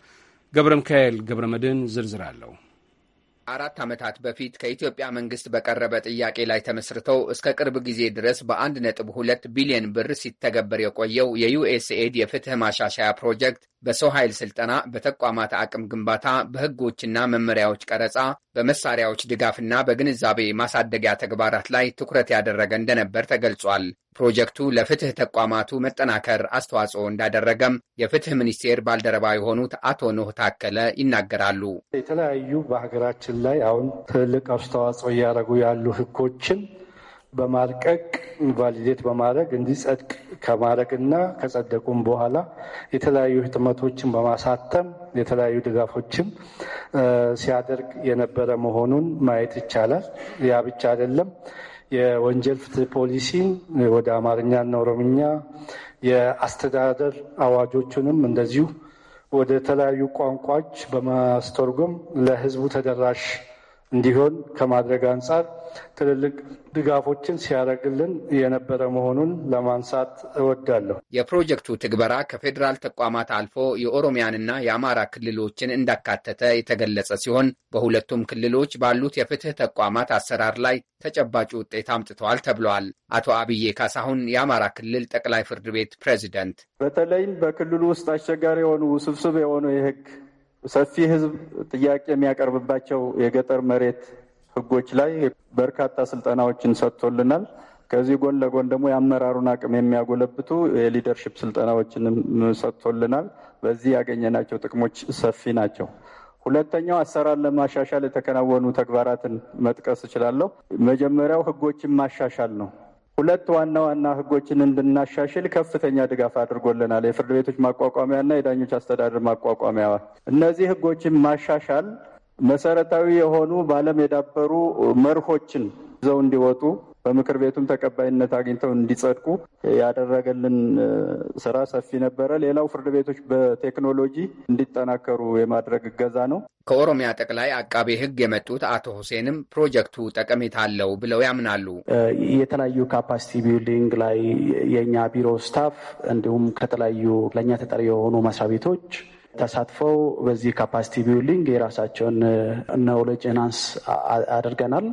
ገብረ ሚካኤል ገብረ መድህን ዝርዝር አለው። አራት ዓመታት በፊት ከኢትዮጵያ መንግስት በቀረበ ጥያቄ ላይ ተመስርተው እስከ ቅርብ ጊዜ ድረስ በአንድ ነጥብ ሁለት ቢሊዮን ብር ሲተገበር የቆየው የዩኤስኤድ የፍትህ ማሻሻያ ፕሮጀክት በሰው ኃይል ስልጠና፣ በተቋማት አቅም ግንባታ፣ በሕጎችና መመሪያዎች ቀረጻ፣ በመሳሪያዎች ድጋፍና በግንዛቤ ማሳደጊያ ተግባራት ላይ ትኩረት ያደረገ እንደነበር ተገልጿል። ፕሮጀክቱ ለፍትህ ተቋማቱ መጠናከር አስተዋጽኦ እንዳደረገም የፍትህ ሚኒስቴር ባልደረባ የሆኑት አቶ ኖህ ታከለ ይናገራሉ። የተለያዩ በሀገራችን ላይ አሁን ትልቅ አስተዋጽኦ እያደረጉ ያሉ ሕጎችን በማርቀቅ ቫሊዴት በማድረግ እንዲጸድቅ ከማድረግና ከጸደቁም በኋላ የተለያዩ ህትመቶችን በማሳተም የተለያዩ ድጋፎችም ሲያደርግ የነበረ መሆኑን ማየት ይቻላል። ያ ብቻ አይደለም። የወንጀል ፍትህ ፖሊሲን ወደ አማርኛና ኦሮምኛ የአስተዳደር አዋጆቹንም እንደዚሁ ወደ ተለያዩ ቋንቋዎች በማስተርጎም ለህዝቡ ተደራሽ እንዲሆን ከማድረግ አንጻር ትልልቅ ድጋፎችን ሲያደርግልን የነበረ መሆኑን ለማንሳት እወዳለሁ። የፕሮጀክቱ ትግበራ ከፌዴራል ተቋማት አልፎ የኦሮሚያንና የአማራ ክልሎችን እንዳካተተ የተገለጸ ሲሆን በሁለቱም ክልሎች ባሉት የፍትህ ተቋማት አሰራር ላይ ተጨባጭ ውጤት አምጥተዋል ተብለዋል። አቶ አብዬ ካሳሁን የአማራ ክልል ጠቅላይ ፍርድ ቤት ፕሬዚደንት፣ በተለይም በክልሉ ውስጥ አስቸጋሪ የሆኑ ውስብስብ የሆኑ የህግ ሰፊ ህዝብ ጥያቄ የሚያቀርብባቸው የገጠር መሬት ህጎች ላይ በርካታ ስልጠናዎችን ሰጥቶልናል። ከዚህ ጎን ለጎን ደግሞ የአመራሩን አቅም የሚያጎለብቱ የሊደርሽፕ ስልጠናዎችንም ሰጥቶልናል። በዚህ ያገኘናቸው ጥቅሞች ሰፊ ናቸው። ሁለተኛው አሰራር ለማሻሻል የተከናወኑ ተግባራትን መጥቀስ እችላለሁ። መጀመሪያው ህጎችን ማሻሻል ነው። ሁለት ዋና ዋና ህጎችን እንድናሻሽል ከፍተኛ ድጋፍ አድርጎልናል። የፍርድ ቤቶች ማቋቋሚያና የዳኞች አስተዳደር ማቋቋሚያ። እነዚህ ህጎችን ማሻሻል መሰረታዊ የሆኑ በዓለም የዳበሩ መርሆችን ይዘው እንዲወጡ በምክር ቤቱም ተቀባይነት አግኝተው እንዲጸድቁ ያደረገልን ስራ ሰፊ ነበረ። ሌላው ፍርድ ቤቶች በቴክኖሎጂ እንዲጠናከሩ የማድረግ እገዛ ነው። ከኦሮሚያ ጠቅላይ አቃቤ ሕግ የመጡት አቶ ሁሴንም ፕሮጀክቱ ጠቀሜታ አለው ብለው ያምናሉ። የተለያዩ ካፓሲቲ ቢልዲንግ ላይ የእኛ ቢሮ ስታፍ እንዲሁም ከተለያዩ ለእኛ ተጠሪ የሆኑ መስሪያ ቤቶች ተሳትፈው በዚህ ካፓሲቲ ቢልዲንግ የራሳቸውን ኖውሌጅ ኤንሃንስ አድርገናል።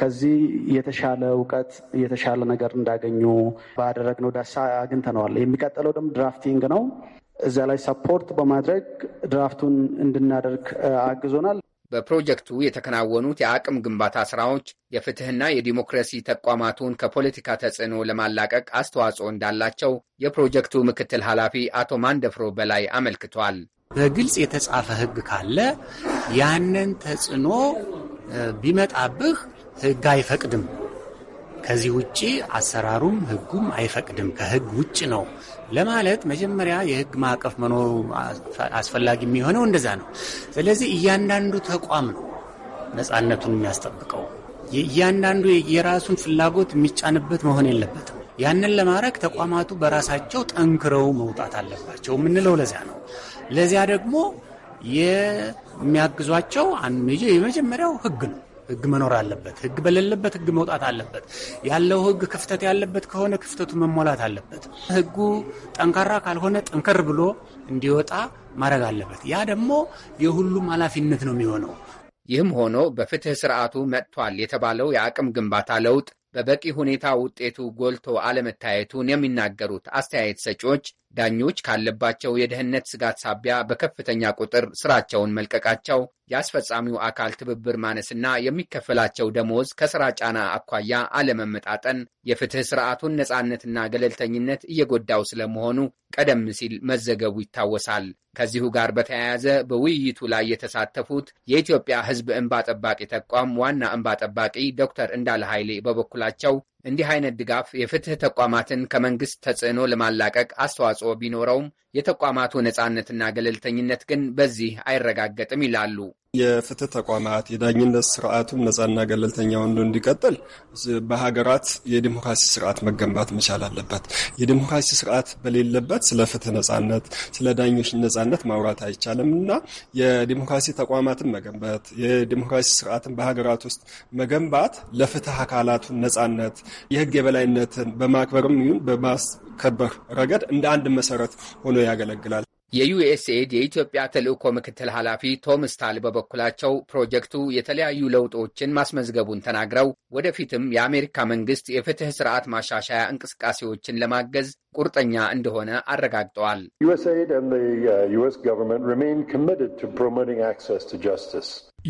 ከዚህ የተሻለ እውቀት የተሻለ ነገር እንዳገኙ ባደረግነው ዳሳ አግኝተነዋል። የሚቀጥለው ደግሞ ድራፍቲንግ ነው። እዚያ ላይ ሰፖርት በማድረግ ድራፍቱን እንድናደርግ አግዞናል። በፕሮጀክቱ የተከናወኑት የአቅም ግንባታ ስራዎች የፍትህና የዲሞክራሲ ተቋማቱን ከፖለቲካ ተጽዕኖ ለማላቀቅ አስተዋጽኦ እንዳላቸው የፕሮጀክቱ ምክትል ኃላፊ አቶ ማንደፍሮ በላይ አመልክቷል። በግልጽ የተጻፈ ህግ ካለ ያንን ተጽዕኖ ቢመጣብህ ህግ አይፈቅድም። ከዚህ ውጭ አሰራሩም ህጉም አይፈቅድም፣ ከህግ ውጭ ነው ለማለት መጀመሪያ የህግ ማዕቀፍ መኖሩ አስፈላጊ የሚሆነው እንደዛ ነው። ስለዚህ እያንዳንዱ ተቋም ነው ነፃነቱን የሚያስጠብቀው። እያንዳንዱ የራሱን ፍላጎት የሚጫንበት መሆን የለበትም። ያንን ለማድረግ ተቋማቱ በራሳቸው ጠንክረው መውጣት አለባቸው የምንለው ለዚያ ነው። ለዚያ ደግሞ የሚያግዟቸው የመጀመሪያው ህግ ነው። ህግ መኖር አለበት። ህግ በሌለበት ህግ መውጣት አለበት። ያለው ህግ ክፍተት ያለበት ከሆነ ክፍተቱ መሞላት አለበት። ህጉ ጠንካራ ካልሆነ ጠንከር ብሎ እንዲወጣ ማድረግ አለበት። ያ ደግሞ የሁሉም ኃላፊነት ነው የሚሆነው። ይህም ሆኖ በፍትህ ስርዓቱ መጥቷል የተባለው የአቅም ግንባታ ለውጥ በበቂ ሁኔታ ውጤቱ ጎልቶ አለመታየቱን የሚናገሩት አስተያየት ሰጪዎች ዳኞች ካለባቸው የደህንነት ስጋት ሳቢያ በከፍተኛ ቁጥር ስራቸውን መልቀቃቸው የአስፈጻሚው አካል ትብብር ማነስና የሚከፈላቸው ደሞዝ ከስራ ጫና አኳያ አለመመጣጠን የፍትህ ስርዓቱን ነፃነትና ገለልተኝነት እየጎዳው ስለመሆኑ ቀደም ሲል መዘገቡ ይታወሳል። ከዚሁ ጋር በተያያዘ በውይይቱ ላይ የተሳተፉት የኢትዮጵያ ሕዝብ እንባ ጠባቂ ተቋም ዋና እንባ ጠባቂ ዶክተር እንዳለ ኃይሌ በበኩላቸው እንዲህ አይነት ድጋፍ የፍትህ ተቋማትን ከመንግስት ተጽዕኖ ለማላቀቅ አስተዋጽኦ ቢኖረውም የተቋማቱ ነፃነትና ገለልተኝነት ግን በዚህ አይረጋገጥም ይላሉ የፍትህ ተቋማት የዳኝነት ስርዓቱም ነጻና ገለልተኛ ሆኖ እንዲቀጥል በሀገራት የዲሞክራሲ ስርዓት መገንባት መቻል አለበት። የዲሞክራሲ ስርዓት በሌለበት ስለ ፍትህ ነጻነት፣ ስለ ዳኞች ነጻነት ማውራት አይቻልም እና የዲሞክራሲ ተቋማትን መገንባት የዲሞክራሲ ስርዓትን በሀገራት ውስጥ መገንባት ለፍትህ አካላቱ ነጻነት፣ የህግ የበላይነትን በማክበርም ይሁን በማስከበር ረገድ እንደ አንድ መሰረት ሆኖ ያገለግላል። የዩኤስኤድ የኢትዮጵያ ተልእኮ ምክትል ኃላፊ ቶም ስታል በበኩላቸው ፕሮጀክቱ የተለያዩ ለውጦችን ማስመዝገቡን ተናግረው ወደፊትም የአሜሪካ መንግስት የፍትህ ስርዓት ማሻሻያ እንቅስቃሴዎችን ለማገዝ ቁርጠኛ እንደሆነ አረጋግጠዋል።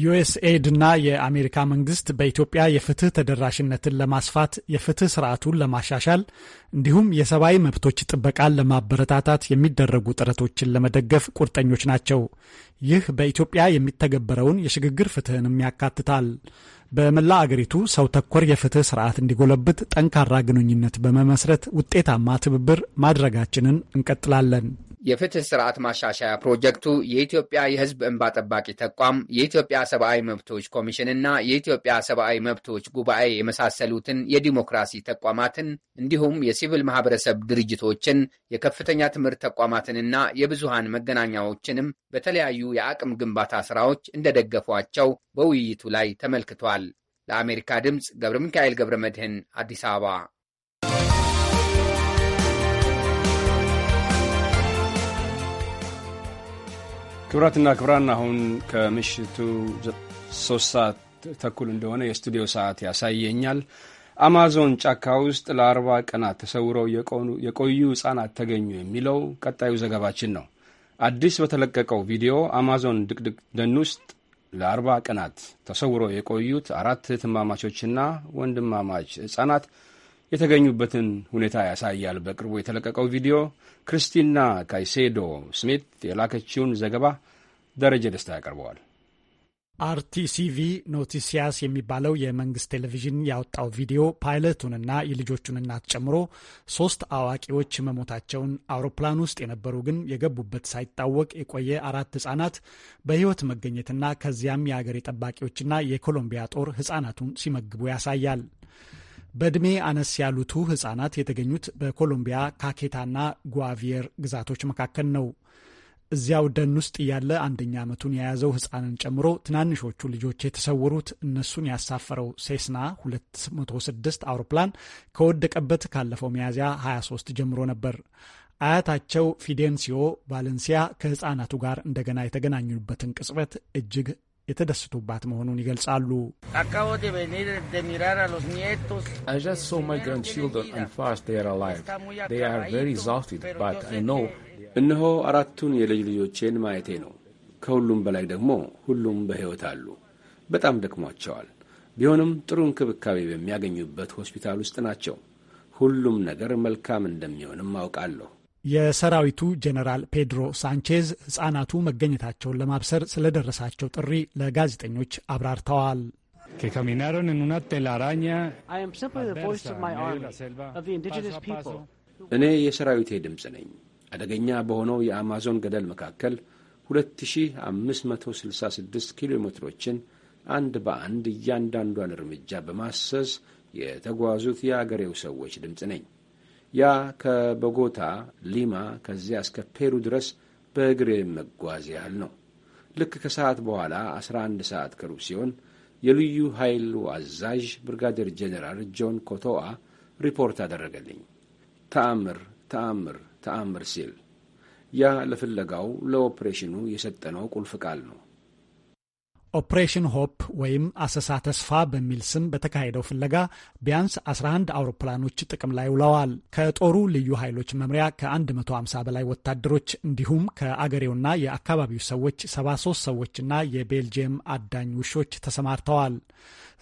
ዩኤስኤድና የአሜሪካ መንግስት በኢትዮጵያ የፍትህ ተደራሽነትን ለማስፋት የፍትህ ስርዓቱን ለማሻሻል እንዲሁም የሰብአዊ መብቶች ጥበቃን ለማበረታታት የሚደረጉ ጥረቶችን ለመደገፍ ቁርጠኞች ናቸው። ይህ በኢትዮጵያ የሚተገበረውን የሽግግር ፍትህንም ያካትታል። በመላ አገሪቱ ሰው ተኮር የፍትህ ስርዓት እንዲጎለብት ጠንካራ ግንኙነት በመመስረት ውጤታማ ትብብር ማድረጋችንን እንቀጥላለን። የፍትህ ስርዓት ማሻሻያ ፕሮጀክቱ የኢትዮጵያ የህዝብ እንባ ጠባቂ ተቋም፣ የኢትዮጵያ ሰብአዊ መብቶች ኮሚሽን ና የኢትዮጵያ ሰብአዊ መብቶች ጉባኤ የመሳሰሉትን የዲሞክራሲ ተቋማትን እንዲሁም የሲቪል ማህበረሰብ ድርጅቶችን የከፍተኛ ትምህርት ተቋማትንና የብዙሃን መገናኛዎችንም በተለያዩ የአቅም ግንባታ ስራዎች እንደደገፏቸው በውይይቱ ላይ ተመልክቷል። ለአሜሪካ ድምፅ ገብረ ሚካኤል ገብረ መድህን አዲስ አበባ ክብራትና ክብራን አሁን ከምሽቱ ሶስት ሰዓት ተኩል እንደሆነ የስቱዲዮ ሰዓት ያሳየኛል። አማዞን ጫካ ውስጥ ለአርባ ቀናት ተሰውረው የቆዩ ሕፃናት ተገኙ የሚለው ቀጣዩ ዘገባችን ነው። አዲስ በተለቀቀው ቪዲዮ አማዞን ድቅድቅ ደን ውስጥ ለአርባ ቀናት ተሰውረው የቆዩት አራት እህትማማቾችና ወንድማማች ሕፃናት የተገኙበትን ሁኔታ ያሳያል። በቅርቡ የተለቀቀው ቪዲዮ ክርስቲና ካይሴዶ ስሚት የላከችውን ዘገባ ደረጀ ደስታ ያቀርበዋል። አርቲሲቪ ኖቲሲያስ የሚባለው የመንግስት ቴሌቪዥን ያወጣው ቪዲዮ ፓይለቱንና የልጆቹን እናት ጨምሮ ሶስት አዋቂዎች መሞታቸውን፣ አውሮፕላን ውስጥ የነበሩ ግን የገቡበት ሳይታወቅ የቆየ አራት ህጻናት በህይወት መገኘትና ከዚያም የአገሬ ጠባቂዎችና የኮሎምቢያ ጦር ህጻናቱን ሲመግቡ ያሳያል። በዕድሜ አነስ ያሉቱ ህጻናት የተገኙት በኮሎምቢያ ካኬታና ጓቪየር ግዛቶች መካከል ነው። እዚያው ደን ውስጥ እያለ አንደኛ ዓመቱን የያዘው ህጻንን ጨምሮ ትናንሾቹ ልጆች የተሰወሩት እነሱን ያሳፈረው ሴስና 206 አውሮፕላን ከወደቀበት ካለፈው ሚያዝያ 23 ጀምሮ ነበር። አያታቸው ፊዴንሲዮ ቫለንሲያ ከህጻናቱ ጋር እንደገና የተገናኙበትን ቅጽበት እጅግ የተደሰቱባት መሆኑን ይገልጻሉ። እነሆ አራቱን የልጅ ልጆቼን ማየቴ ነው። ከሁሉም በላይ ደግሞ ሁሉም በሕይወት አሉ። በጣም ደክሟቸዋል። ቢሆንም ጥሩ እንክብካቤ በሚያገኙበት ሆስፒታል ውስጥ ናቸው። ሁሉም ነገር መልካም እንደሚሆንም አውቃለሁ። የሰራዊቱ ጄኔራል ፔድሮ ሳንቼዝ ህጻናቱ መገኘታቸውን ለማብሰር ስለደረሳቸው ጥሪ ለጋዜጠኞች አብራርተዋል። እኔ የሰራዊቴ ድምፅ ነኝ። አደገኛ በሆነው የአማዞን ገደል መካከል 2566 ኪሎ ሜትሮችን አንድ በአንድ እያንዳንዷን እርምጃ በማሰስ የተጓዙት የአገሬው ሰዎች ድምፅ ነኝ። ያ ከቦጎታ ሊማ፣ ከዚያ እስከ ፔሩ ድረስ በእግር መጓዝ ያህል ነው። ልክ ከሰዓት በኋላ 11 ሰዓት ከሩብ ሲሆን የልዩ ኃይሉ አዛዥ ብርጋዴር ጄኔራል ጆን ኮቶዋ ሪፖርት አደረገልኝ። ተአምር ተአምር ተአምር ሲል ያ ለፍለጋው ለኦፕሬሽኑ የሰጠነው ቁልፍ ቃል ነው። ኦፕሬሽን ሆፕ ወይም አሰሳ ተስፋ በሚል ስም በተካሄደው ፍለጋ ቢያንስ 11 አውሮፕላኖች ጥቅም ላይ ውለዋል። ከጦሩ ልዩ ኃይሎች መምሪያ ከ150 በላይ ወታደሮች እንዲሁም ከአገሬውና የአካባቢው ሰዎች 73 ሰዎችና የቤልጅየም አዳኝ ውሾች ተሰማርተዋል።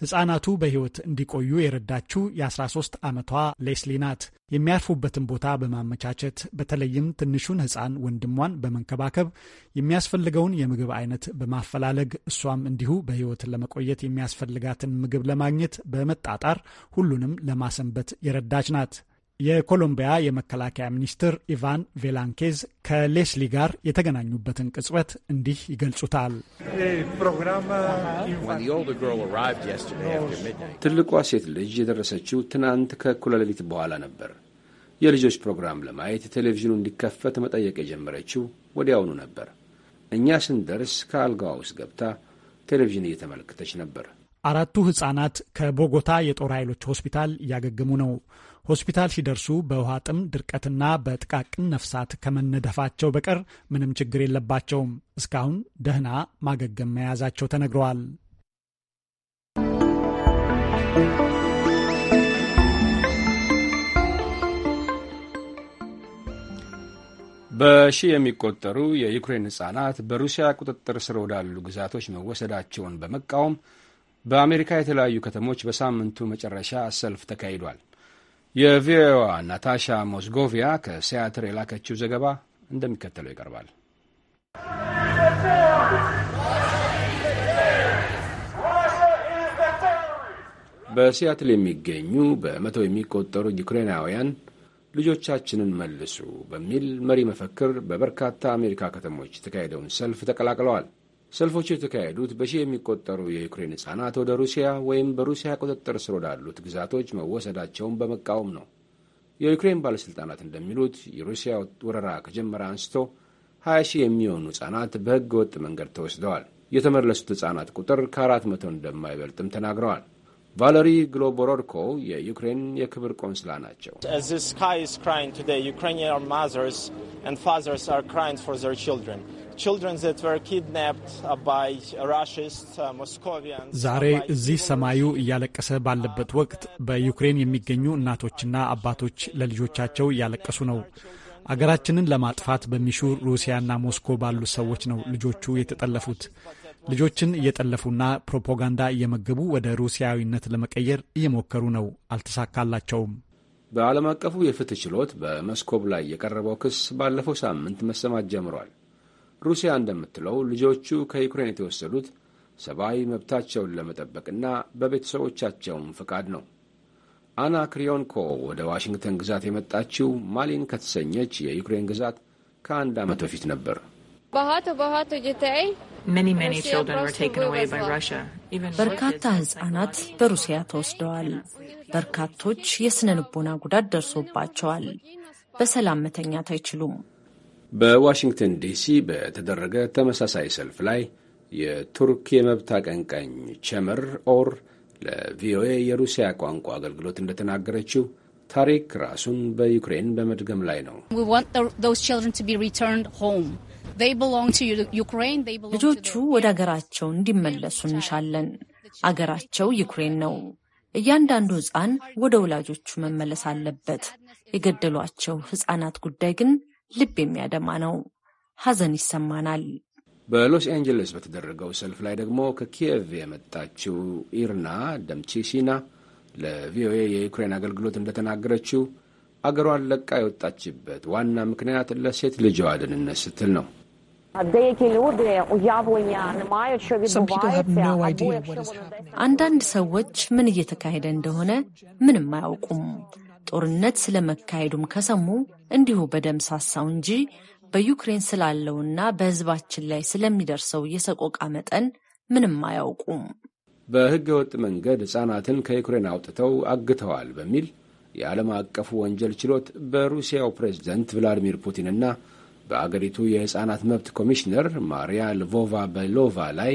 ሕፃናቱ በሕይወት እንዲቆዩ የረዳችው የ13 ዓመቷ ሌስሊ ናት። የሚያርፉበትን ቦታ በማመቻቸት በተለይም ትንሹን ሕፃን ወንድሟን በመንከባከብ የሚያስፈልገውን የምግብ አይነት በማፈላለግ እሷም እንዲሁ በሕይወት ለመቆየት የሚያስፈልጋትን ምግብ ለማግኘት በመጣጣር ሁሉንም ለማሰንበት የረዳች ናት። የኮሎምቢያ የመከላከያ ሚኒስትር ኢቫን ቬላንኬዝ ከሌስሊ ጋር የተገናኙበትን ቅጽበት እንዲህ ይገልጹታል። ትልቋ ሴት ልጅ የደረሰችው ትናንት ከእኩለ ሌሊት በኋላ ነበር። የልጆች ፕሮግራም ለማየት ቴሌቪዥኑ እንዲከፈት መጠየቅ የጀመረችው ወዲያውኑ ነበር። እኛ ስንደርስ ከአልጋዋ ውስጥ ገብታ ቴሌቪዥን እየተመለከተች ነበር። አራቱ ሕፃናት ከቦጎታ የጦር ኃይሎች ሆስፒታል እያገገሙ ነው። ሆስፒታል ሲደርሱ በውሃ ጥም ድርቀትና በጥቃቅን ነፍሳት ከመነደፋቸው በቀር ምንም ችግር የለባቸውም። እስካሁን ደህና ማገገም መያዛቸው ተነግረዋል። በሺህ የሚቆጠሩ የዩክሬን ህጻናት በሩሲያ ቁጥጥር ስር ወዳሉ ግዛቶች መወሰዳቸውን በመቃወም በአሜሪካ የተለያዩ ከተሞች በሳምንቱ መጨረሻ ሰልፍ ተካሂዷል። የቪኦኤዋ ናታሻ ሞስጎቪያ ከሲያትር የላከችው ዘገባ እንደሚከተለው ይቀርባል። በሲያትል የሚገኙ በመቶ የሚቆጠሩ ዩክሬናውያን ልጆቻችንን መልሱ በሚል መሪ መፈክር በበርካታ አሜሪካ ከተሞች የተካሄደውን ሰልፍ ተቀላቅለዋል። ሰልፎቹ የተካሄዱት በሺህ የሚቆጠሩ የዩክሬን ሕፃናት ወደ ሩሲያ ወይም በሩሲያ ቁጥጥር ስር ወዳሉት ግዛቶች መወሰዳቸውን በመቃወም ነው። የዩክሬን ባለሥልጣናት እንደሚሉት የሩሲያ ወረራ ከጀመረ አንስቶ 20 ሺህ የሚሆኑ ሕፃናት በሕገ ወጥ መንገድ ተወስደዋል። የተመለሱት ሕፃናት ቁጥር ከአራት መቶ እንደማይበልጥም ተናግረዋል። ቫለሪ ግሎቦሮድኮ የዩክሬን የክብር ቆንስላ ናቸው። Uh, uh, ዛሬ uh, እዚህ ሰማዩ እያለቀሰ ባለበት ወቅት በዩክሬን የሚገኙ እናቶችና አባቶች ለልጆቻቸው እያለቀሱ ነው። አገራችንን ለማጥፋት በሚሹ ሩሲያና ሞስኮ ባሉ ሰዎች ነው ልጆቹ የተጠለፉት። ልጆችን እየጠለፉና ፕሮፓጋንዳ እየመገቡ ወደ ሩሲያዊነት ለመቀየር እየሞከሩ ነው። አልተሳካላቸውም። በዓለም አቀፉ የፍትህ ችሎት በመስኮብ ላይ የቀረበው ክስ ባለፈው ሳምንት መሰማት ጀምሯል። ሩሲያ እንደምትለው ልጆቹ ከዩክሬን የተወሰዱት ሰብአዊ መብታቸውን ለመጠበቅና በቤተሰቦቻቸውም ፈቃድ ነው። አና ክሪዮንኮ ወደ ዋሽንግተን ግዛት የመጣችው ማሊን ከተሰኘች የዩክሬን ግዛት ከአንድ ዓመት በፊት ነበር። በርካታ ሕጻናት በሩሲያ ተወስደዋል። በርካቶች የስነ ልቦና ጉዳት ደርሶባቸዋል። በሰላም መተኛት አይችሉም። በዋሽንግተን ዲሲ በተደረገ ተመሳሳይ ሰልፍ ላይ የቱርክ የመብት አቀንቃኝ ቸመር ኦር ለቪኦኤ የሩሲያ ቋንቋ አገልግሎት እንደተናገረችው ታሪክ ራሱን በዩክሬን በመድገም ላይ ነው። ልጆቹ ወደ አገራቸው እንዲመለሱ እንሻለን። አገራቸው ዩክሬን ነው። እያንዳንዱ ሕፃን ወደ ወላጆቹ መመለስ አለበት። የገደሏቸው ሕፃናት ጉዳይ ግን ልብ የሚያደማ ነው። ሐዘን ይሰማናል። በሎስ አንጀለስ በተደረገው ሰልፍ ላይ ደግሞ ከኪየቭ የመጣችው ኢርና ደምቺሲና ለቪኦኤ የዩክሬን አገልግሎት እንደተናገረችው አገሯን ለቃ የወጣችበት ዋና ምክንያት ለሴት ልጅዋ ደህንነት ስትል ነው። አንዳንድ ሰዎች ምን እየተካሄደ እንደሆነ ምንም አያውቁም። ጦርነት ስለመካሄዱም ከሰሙ እንዲሁ በደምሳሳው እንጂ በዩክሬን ስላለውና በሕዝባችን ላይ ስለሚደርሰው የሰቆቃ መጠን ምንም አያውቁም። በሕገ ወጥ መንገድ ሕፃናትን ከዩክሬን አውጥተው አግተዋል በሚል የዓለም አቀፉ ወንጀል ችሎት በሩሲያው ፕሬዝደንት ቭላዲሚር ፑቲንና በአገሪቱ የሕፃናት መብት ኮሚሽነር ማሪያ ልቮቫ በሎቫ ላይ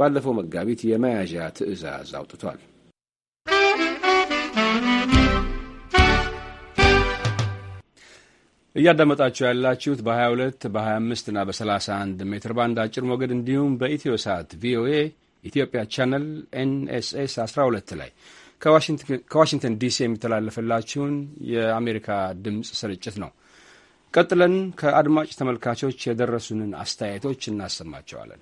ባለፈው መጋቢት የመያዣ ትዕዛዝ አውጥቷል። እያዳመጣችሁ ያላችሁት በ22 በ25 እና በ31 ሜትር ባንድ አጭር ሞገድ እንዲሁም በኢትዮ ሰዓት ቪኦኤ ኢትዮጵያ ቻነል ኤንኤስኤስ 12 ላይ ከዋሽንግተን ዲሲ የሚተላለፍላችሁን የአሜሪካ ድምፅ ስርጭት ነው። ቀጥለን ከአድማጭ ተመልካቾች የደረሱንን አስተያየቶች እናሰማቸዋለን።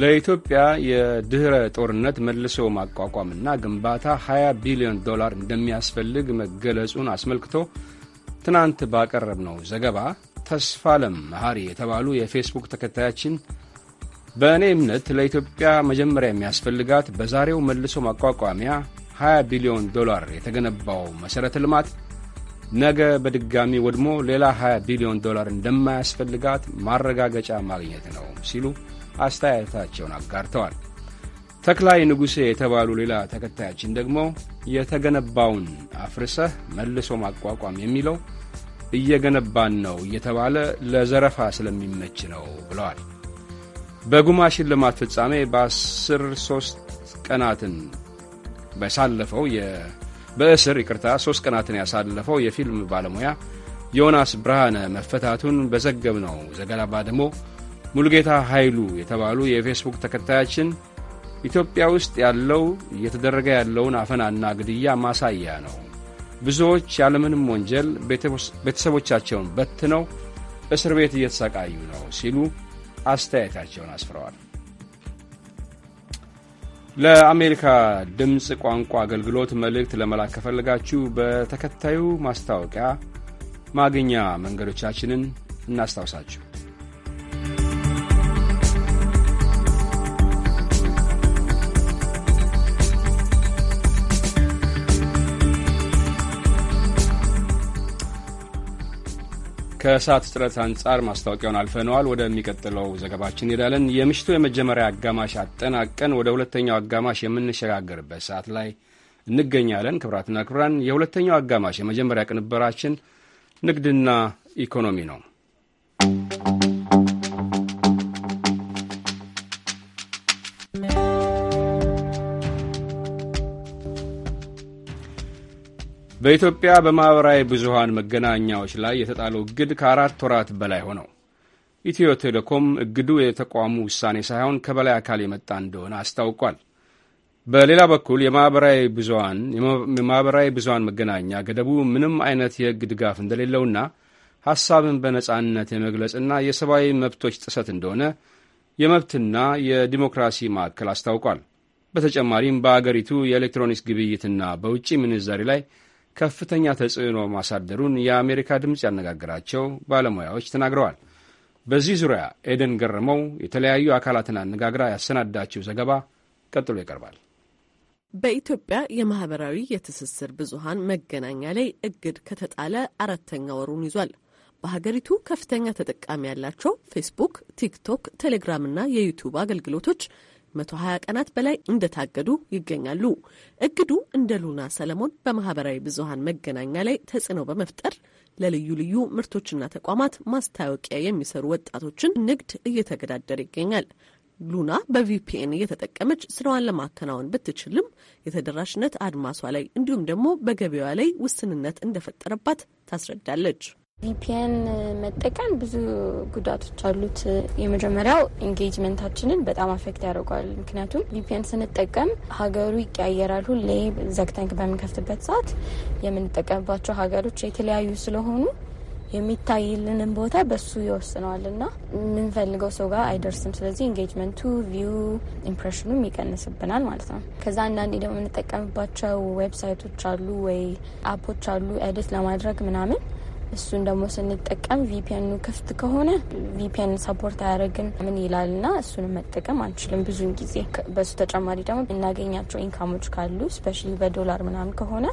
ለኢትዮጵያ የድኅረ ጦርነት መልሶ ማቋቋምና ግንባታ 20 ቢሊዮን ዶላር እንደሚያስፈልግ መገለጹን አስመልክቶ ትናንት ባቀረብነው ዘገባ ተስፋለም መሐሪ የተባሉ የፌስቡክ ተከታያችን በእኔ እምነት ለኢትዮጵያ መጀመሪያ የሚያስፈልጋት በዛሬው መልሶ ማቋቋሚያ 20 ቢሊዮን ዶላር የተገነባው መሠረተ ልማት ነገ በድጋሚ ወድሞ ሌላ 20 ቢሊዮን ዶላር እንደማያስፈልጋት ማረጋገጫ ማግኘት ነው ሲሉ አስተያየታቸውን አጋርተዋል። ተክላይ ንጉሴ የተባሉ ሌላ ተከታያችን ደግሞ የተገነባውን አፍርሰህ መልሶ ማቋቋም የሚለው እየገነባን ነው እየተባለ ለዘረፋ ስለሚመች ነው ብለዋል። በጉማ ሽልማት ፍጻሜ በአስር ሶስት ቀናትን ባሳለፈው በእስር ይቅርታ ሶስት ቀናትን ያሳለፈው የፊልም ባለሙያ ዮናስ ብርሃነ መፈታቱን በዘገብ ነው ዘገባ ደግሞ ሙሉጌታ ኃይሉ የተባሉ የፌስቡክ ተከታያችን ኢትዮጵያ ውስጥ ያለው እየተደረገ ያለውን አፈናና ግድያ ማሳያ ነው። ብዙዎች ያለምንም ወንጀል ቤተሰቦቻቸውን በትነው እስር ቤት እየተሰቃዩ ነው ሲሉ አስተያየታቸውን አስፍረዋል። ለአሜሪካ ድምፅ ቋንቋ አገልግሎት መልእክት ለመላክ ከፈለጋችሁ በተከታዩ ማስታወቂያ ማግኛ መንገዶቻችንን እናስታውሳችሁ። ከሰዓት እጥረት አንጻር ማስታወቂያውን አልፈነዋል። ወደሚቀጥለው ዘገባችን እንሄዳለን። የምሽቱ የመጀመሪያ አጋማሽ አጠናቀን ወደ ሁለተኛው አጋማሽ የምንሸጋገርበት ሰዓት ላይ እንገኛለን። ክብራትና ክብራን የሁለተኛው አጋማሽ የመጀመሪያ ቅንብራችን ንግድና ኢኮኖሚ ነው። በኢትዮጵያ በማኅበራዊ ብዙሃን መገናኛዎች ላይ የተጣለው እግድ ከአራት ወራት በላይ ሆነው ኢትዮ ቴሌኮም እግዱ የተቋሙ ውሳኔ ሳይሆን ከበላይ አካል የመጣ እንደሆነ አስታውቋል። በሌላ በኩል የማኅበራዊ ብዙሃን የማኅበራዊ ብዙሃን መገናኛ ገደቡ ምንም አይነት የሕግ ድጋፍ እንደሌለውና ሐሳብን በነጻነት የመግለጽና የሰብአዊ መብቶች ጥሰት እንደሆነ የመብትና የዲሞክራሲ ማዕከል አስታውቋል። በተጨማሪም በአገሪቱ የኤሌክትሮኒክስ ግብይትና በውጭ ምንዛሪ ላይ ከፍተኛ ተጽዕኖ ማሳደሩን የአሜሪካ ድምፅ ያነጋገራቸው ባለሙያዎች ተናግረዋል። በዚህ ዙሪያ ኤደን ገረመው የተለያዩ አካላትን አነጋግራ ያሰናዳችው ዘገባ ቀጥሎ ይቀርባል። በኢትዮጵያ የማህበራዊ የትስስር ብዙሀን መገናኛ ላይ እግድ ከተጣለ አራተኛ ወሩን ይዟል። በሀገሪቱ ከፍተኛ ተጠቃሚ ያላቸው ፌስቡክ፣ ቲክቶክ፣ ቴሌግራም እና የዩቱብ አገልግሎቶች 120 ቀናት በላይ እንደታገዱ ይገኛሉ። እግዱ እንደ ሉና ሰለሞን በማህበራዊ ብዙሀን መገናኛ ላይ ተጽዕኖ በመፍጠር ለልዩ ልዩ ምርቶችና ተቋማት ማስታወቂያ የሚሰሩ ወጣቶችን ንግድ እየተገዳደረ ይገኛል። ሉና በቪፒኤን እየተጠቀመች ስራዋን ለማከናወን ብትችልም የተደራሽነት አድማሷ ላይ እንዲሁም ደግሞ በገበያዋ ላይ ውስንነት እንደፈጠረባት ታስረዳለች። ቪፒኤን መጠቀም ብዙ ጉዳቶች አሉት። የመጀመሪያው ኢንጌጅመንታችንን በጣም አፌክት ያደርገዋል። ምክንያቱም ቪፒኤን ስንጠቀም ሀገሩ ይቀያየራል። ሁሌ ዘግተንክ በምንከፍትበት ሰዓት የምንጠቀምባቸው ሀገሮች የተለያዩ ስለሆኑ የሚታይልንን ቦታ በሱ ይወስነዋል እና የምንፈልገው ሰው ጋር አይደርስም። ስለዚህ ኢንጌጅመንቱ፣ ቪው፣ ኢምፕሬሽኑም ይቀንስብናል ማለት ነው። ከዛ አንዳንዴ ደግሞ የምንጠቀምባቸው ዌብሳይቶች አሉ ወይ አፖች አሉ ኤዲት ለማድረግ ምናምን እሱን ደግሞ ስንጠቀም ቪፒኑ ክፍት ከሆነ ቪፒን ሰፖርት አያደርግም ምን ይላል እና እሱንም መጠቀም አንችልም ብዙን ጊዜ። በሱ ተጨማሪ ደግሞ እናገኛቸው ኢንካሞች ካሉ ስፔሻሊ በዶላር ምናምን ከሆነ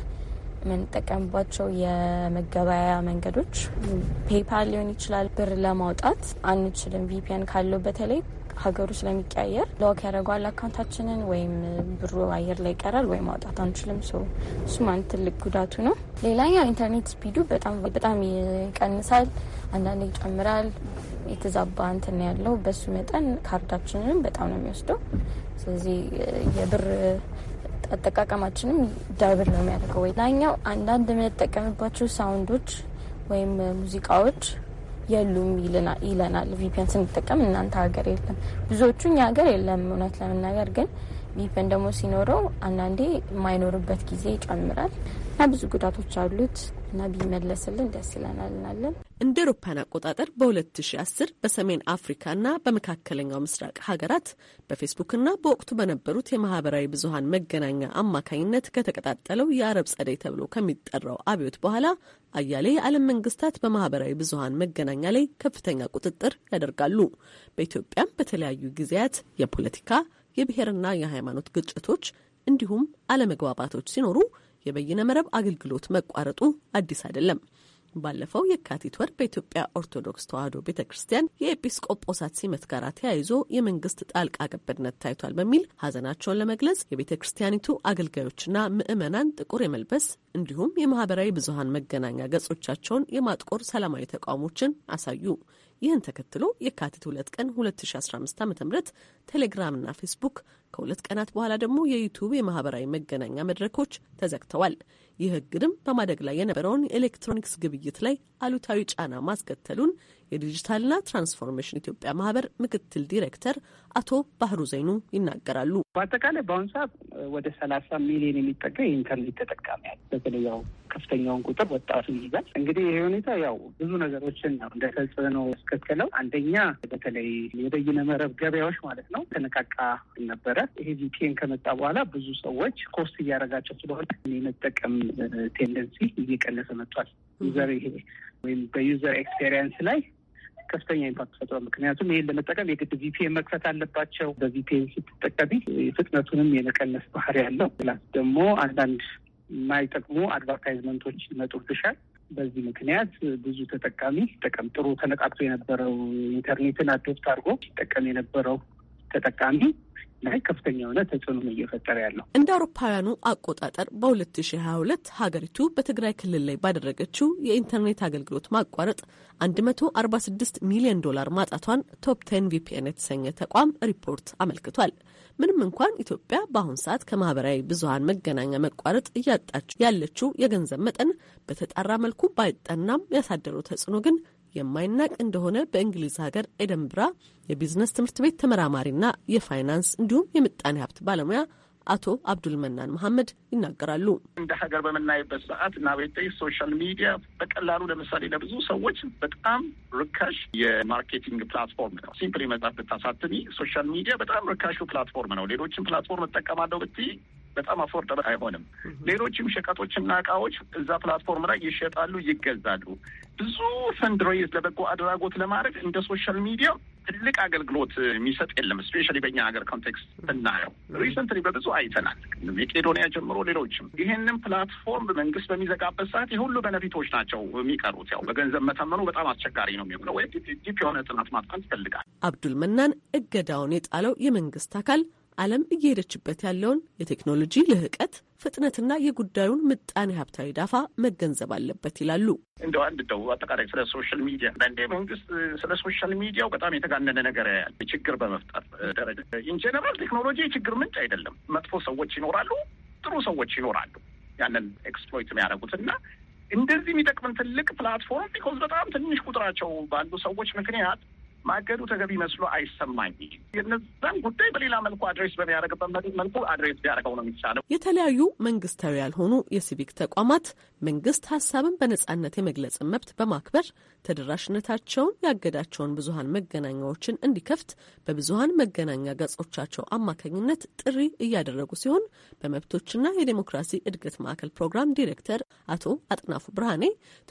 የምንጠቀምባቸው የመገበያያ መንገዶች ፔፓል ሊሆን ይችላል። ብር ለማውጣት አንችልም ቪፒን ካለው በተለይ ሀገሩ ስለሚቀያየር ለወክ ያደርገዋል አካውንታችንን ወይም ብሩ አየር ላይ ይቀራል ወይም ማውጣት አንችልም። ሰው እሱም አንድ ትልቅ ጉዳቱ ነው። ሌላኛው ኢንተርኔት ስፒዱ በጣም ይቀንሳል፣ አንዳንዴ ይጨምራል። የተዛባ እንትን ያለው በሱ መጠን ካርዳችንንም በጣም ነው የሚወስደው። ስለዚህ የብር አጠቃቀማችንም ዳብር ነው የሚያደርገው። ሌላኛው አንዳንድ የምንጠቀምባቸው ሳውንዶች ወይም ሙዚቃዎች የሉም ይለናል። ቪፒን ስንጠቀም እናንተ ሀገር የለም ብዙዎቹ እኛ ሀገር የለም። እውነት ለመናገር ግን ቪፒን ደግሞ ሲኖረው አንዳንዴ የማይኖርበት ጊዜ ይጨምራል። እና ብዙ ጉዳቶች አሉት እና ቢመለስልን ደስ ይለናል እናለን። እንደ አውሮፓውያን አቆጣጠር በ2010 በሰሜን አፍሪካና በመካከለኛው ምስራቅ ሀገራት በፌስቡክና በወቅቱ በነበሩት የማህበራዊ ብዙሀን መገናኛ አማካኝነት ከተቀጣጠለው የአረብ ጸደይ ተብሎ ከሚጠራው አብዮት በኋላ አያሌ የዓለም መንግስታት በማህበራዊ ብዙሀን መገናኛ ላይ ከፍተኛ ቁጥጥር ያደርጋሉ። በኢትዮጵያም በተለያዩ ጊዜያት የፖለቲካ የብሔርና የሃይማኖት ግጭቶች እንዲሁም አለመግባባቶች ሲኖሩ የበይነ መረብ አገልግሎት መቋረጡ አዲስ አይደለም። ባለፈው የካቲት ወር በኢትዮጵያ ኦርቶዶክስ ተዋሕዶ ቤተ ክርስቲያን የኤጲስቆጶሳት ሲመት ጋር ተያይዞ የመንግስት ጣልቃ ገብነት ታይቷል በሚል ሀዘናቸውን ለመግለጽ የቤተ ክርስቲያኒቱ አገልጋዮችና ምዕመናን ጥቁር የመልበስ እንዲሁም የማህበራዊ ብዙሀን መገናኛ ገጾቻቸውን የማጥቆር ሰላማዊ ተቃውሞችን አሳዩ። ይህን ተከትሎ የካቲት ሁለት ቀን 2015 ዓ ም ቴሌግራምና ፌስቡክ ከሁለት ቀናት በኋላ ደግሞ የዩቲዩብ የማህበራዊ መገናኛ መድረኮች ተዘግተዋል። ይህ እግድም በማደግ ላይ የነበረውን የኤሌክትሮኒክስ ግብይት ላይ አሉታዊ ጫና ማስከተሉን የዲጂታልና ትራንስፎርሜሽን ኢትዮጵያ ማህበር ምክትል ዲሬክተር አቶ ባህሩ ዘይኑ ይናገራሉ። በአጠቃላይ በአሁኑ ሰዓት ወደ ሰላሳ ሚሊዮን የሚጠጋ የኢንተርኔት ተጠቃሚ ያለ በተለይ ያው ከፍተኛውን ቁጥር ወጣቱ ይይዛል። እንግዲህ ይህ ሁኔታ ያው ብዙ ነገሮችን ነው እንደ ተጽዕኖ ያስከተለው። አንደኛ በተለይ የበይነ መረብ ገበያዎች ማለት ነው ተነቃቃ ነበረ። መረዳት ይሄ ቪፒኤን ከመጣ በኋላ ብዙ ሰዎች ኮስት እያደረጋቸው ስለሆነ የመጠቀም ቴንደንሲ እየቀነሰ መጥቷል። ዩዘር ይሄ ወይም በዩዘር ኤክስፔሪየንስ ላይ ከፍተኛ ኢምፓክት ፈጥሯል። ምክንያቱም ይሄን ለመጠቀም የግድ ቪፒኤን መክፈት አለባቸው። በቪፒኤን ስትጠቀሚ ፍጥነቱንም የመቀነስ ባህሪ ያለው ፕላስ ደግሞ አንዳንድ የማይጠቅሙ አድቨርታይዝመንቶች ይመጡብሻል። በዚህ ምክንያት ብዙ ተጠቃሚ ጠቀም ጥሩ ተነቃቅቶ የነበረው ኢንተርኔትን አዶፕት አድርጎ ሲጠቀም የነበረው ተጠቃሚ ላይ ከፍተኛ የሆነ ተጽዕኖ እየፈጠረ ያለው። እንደ አውሮፓውያኑ አቆጣጠር በ2022 ሀገሪቱ በትግራይ ክልል ላይ ባደረገችው የኢንተርኔት አገልግሎት ማቋረጥ 146 ሚሊዮን ዶላር ማጣቷን ቶፕ 10 ቪፒኤን የተሰኘ ተቋም ሪፖርት አመልክቷል። ምንም እንኳን ኢትዮጵያ በአሁን ሰዓት ከማህበራዊ ብዙሀን መገናኛ መቋረጥ እያጣች ያለችው የገንዘብ መጠን በተጣራ መልኩ ባይጠናም ያሳደረው ተጽዕኖ ግን የማይናቅ እንደሆነ በእንግሊዝ ሀገር ኤደንብራ የቢዝነስ ትምህርት ቤት ተመራማሪና የፋይናንስ እንዲሁም የምጣኔ ሀብት ባለሙያ አቶ አብዱል መናን መሐመድ ይናገራሉ። እንደ ሀገር በምናይበት ሰዓት እና ሶሻል ሚዲያ በቀላሉ ለምሳሌ ለብዙ ሰዎች በጣም ርካሽ የማርኬቲንግ ፕላትፎርም ነው። ሲምፕሊ መጽሐፍ ብታሳትሚ ሶሻል ሚዲያ በጣም ርካሹ ፕላትፎርም ነው። ሌሎችን ፕላትፎርም እጠቀማለሁ ብትይ በጣም አፎርደብል አይሆንም። ሌሎችም ሸቀጦችና እቃዎች እዛ ፕላትፎርም ላይ ይሸጣሉ፣ ይገዛሉ። ብዙ ፈንድሬዝ ለበጎ አድራጎት ለማድረግ እንደ ሶሻል ሚዲያ ትልቅ አገልግሎት የሚሰጥ የለም። እስፔሻሊ በኛ ሀገር ኮንቴክስት ስናየው ሪሰንትሊ በብዙ አይተናል፣ መቄዶንያ ጀምሮ ሌሎችም። ይህንም ፕላትፎርም መንግስት በሚዘጋበት ሰዓት የሁሉ በነፊቶች ናቸው የሚቀሩት። ያው በገንዘብ መተመኑ በጣም አስቸጋሪ ነው የሚሆነው፣ ወይም ዲፕ የሆነ ጥናት ማጥፋት ይፈልጋል። አብዱል መናን እገዳውን የጣለው የመንግስት አካል ዓለም እየሄደችበት ያለውን የቴክኖሎጂ ልህቀት ፍጥነትና የጉዳዩን ምጣኔ ሀብታዊ ዳፋ መገንዘብ አለበት ይላሉ። እንደው አንድ ደው አጠቃላይ ስለ ሶሻል ሚዲያ አንዳንዴ መንግስት ስለ ሶሻል ሚዲያው በጣም የተጋነነ ነገር ያያል። ችግር በመፍጠር ደረጃ ኢንጀነራል ቴክኖሎጂ የችግር ምንጭ አይደለም። መጥፎ ሰዎች ይኖራሉ፣ ጥሩ ሰዎች ይኖራሉ። ያንን ኤክስፕሎይት የሚያደርጉት እና እንደዚህ የሚጠቅምን ትልቅ ፕላትፎርም ቢኮዝ በጣም ትንሽ ቁጥራቸው ባሉ ሰዎች ምክንያት ማገዱ ተገቢ መስሎ አይሰማኝም። የነዛን ጉዳይ በሌላ መልኩ አድሬስ በሚያደርግበት መልኩ አድሬስ ቢያደርገው ነው የሚቻለው። የተለያዩ መንግስታዊ ያልሆኑ የሲቪክ ተቋማት መንግስት ሀሳብን በነጻነት የመግለጽ መብት በማክበር ተደራሽነታቸውን ያገዳቸውን ብዙሀን መገናኛዎችን እንዲከፍት በብዙሀን መገናኛ ገጾቻቸው አማካኝነት ጥሪ እያደረጉ ሲሆን በመብቶችና የዴሞክራሲ እድገት ማዕከል ፕሮግራም ዲሬክተር አቶ አጥናፉ ብርሃኔ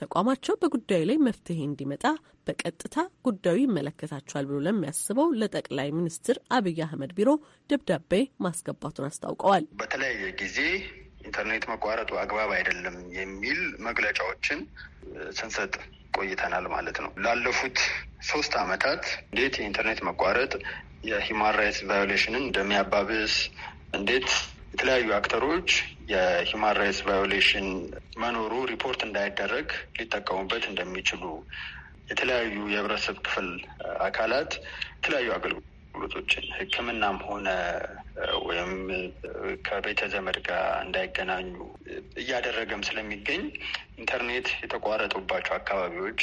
ተቋማቸው በጉዳዩ ላይ መፍትሄ እንዲመጣ በቀጥታ ጉዳዩ ይመለከታቸዋል ብሎ ለሚያስበው ለጠቅላይ ሚኒስትር አብይ አህመድ ቢሮ ደብዳቤ ማስገባቱን አስታውቀዋል። በተለያየ ጊዜ ኢንተርኔት መቋረጡ አግባብ አይደለም የሚል መግለጫዎችን ስንሰጥ ቆይተናል ማለት ነው። ላለፉት ሶስት ዓመታት እንዴት የኢንተርኔት መቋረጥ የሂማን ራይትስ ቫዮሌሽንን እንደሚያባብስ እንዴት የተለያዩ አክተሮች የሂማን ራይትስ ቫዮሌሽን መኖሩ ሪፖርት እንዳይደረግ ሊጠቀሙበት እንደሚችሉ የተለያዩ የህብረተሰብ ክፍል አካላት የተለያዩ አገልግሎቶችን ሕክምናም ሆነ ወይም ከቤተ ዘመድ ጋር እንዳይገናኙ እያደረገም ስለሚገኝ ኢንተርኔት የተቋረጡባቸው አካባቢዎች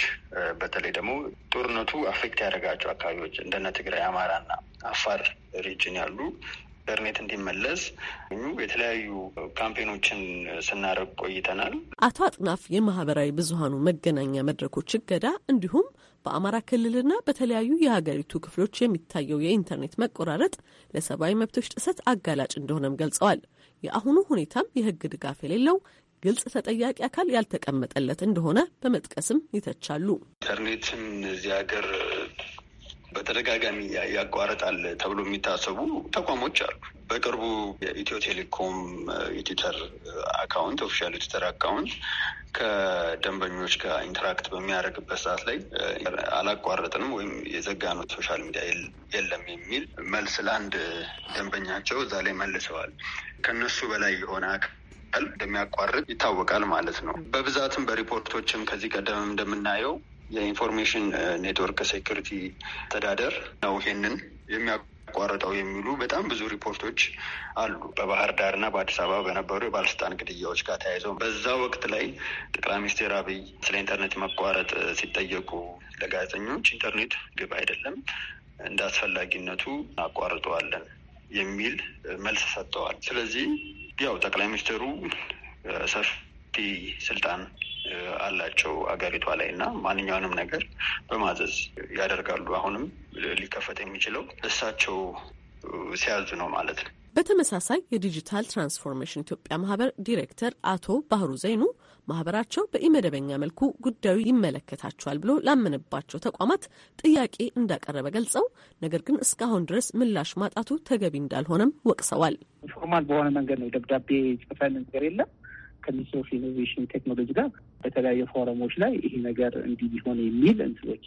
በተለይ ደግሞ ጦርነቱ አፌክት ያደረጋቸው አካባቢዎች እንደነ ትግራይ፣ አማራና አፋር ሪጅን ያሉ ኢንተርኔት እንዲመለስ የተለያዩ ካምፔኖችን ስናደርግ ቆይተናል። አቶ አጥናፍ የማህበራዊ ብዙሀኑ መገናኛ መድረኮች እገዳ እንዲሁም በአማራ ክልልና በተለያዩ የሀገሪቱ ክፍሎች የሚታየው የኢንተርኔት መቆራረጥ ለሰብአዊ መብቶች ጥሰት አጋላጭ እንደሆነም ገልጸዋል። የአሁኑ ሁኔታም የህግ ድጋፍ የሌለው ግልጽ ተጠያቂ አካል ያልተቀመጠለት እንደሆነ በመጥቀስም ይተቻሉ። ኢንተርኔትን እዚህ ሀገር በተደጋጋሚ ያቋረጣል ተብሎ የሚታሰቡ ተቋሞች አሉ። በቅርቡ የኢትዮ ቴሌኮም የትዊተር አካውንት ኦፊሻል የትዊተር አካውንት ከደንበኞች ጋር ኢንተራክት በሚያደርግበት ሰዓት ላይ አላቋረጥንም ወይም ነው ሶሻል ሚዲያ የለም የሚል መልስ ለአንድ ደንበኛቸው እዛ ላይ መልሰዋል። ከነሱ በላይ የሆነ እንደሚያቋርጥ ይታወቃል ማለት ነው። በብዛትም በሪፖርቶችም ከዚህ ቀደም እንደምናየው የኢንፎርሜሽን ኔትወርክ ሴኩሪቲ አስተዳደር ነው ይሄንን የሚያቋርጠው የሚሉ በጣም ብዙ ሪፖርቶች አሉ። በባህር ዳር እና በአዲስ አበባ በነበሩ የባለስልጣን ግድያዎች ጋር ተያይዘው በዛ ወቅት ላይ ጠቅላይ ሚኒስትር አብይ ስለ ኢንተርኔት መቋረጥ ሲጠየቁ ለጋዜጠኞች ኢንተርኔት ግብ አይደለም፣ እንደ አስፈላጊነቱ እናቋርጠዋለን የሚል መልስ ሰጥተዋል። ስለዚህ ያው ጠቅላይ ሚኒስትሩ ሰፊ ሰፊ ስልጣን አላቸው አገሪቷ ላይ እና ማንኛውንም ነገር በማዘዝ ያደርጋሉ። አሁንም ሊከፈት የሚችለው እሳቸው ሲያዙ ነው ማለት ነው። በተመሳሳይ የዲጂታል ትራንስፎርሜሽን ኢትዮጵያ ማህበር ዲሬክተር አቶ ባህሩ ዘይኑ ማህበራቸው በኢመደበኛ መልኩ ጉዳዩ ይመለከታቸዋል ብሎ ላመነባቸው ተቋማት ጥያቄ እንዳቀረበ ገልጸው ነገር ግን እስካሁን ድረስ ምላሽ ማጣቱ ተገቢ እንዳልሆነም ወቅሰዋል። ኢንፎርማል በሆነ መንገድ ነው ደብዳቤ ጽፈን ነገር የለም ከሚኒስትር ኦፍ ኢኖቬሽን ቴክኖሎጂ ጋር በተለያየ ፎረሞች ላይ ይሄ ነገር እንዲህ ሊሆን የሚል እንትኖች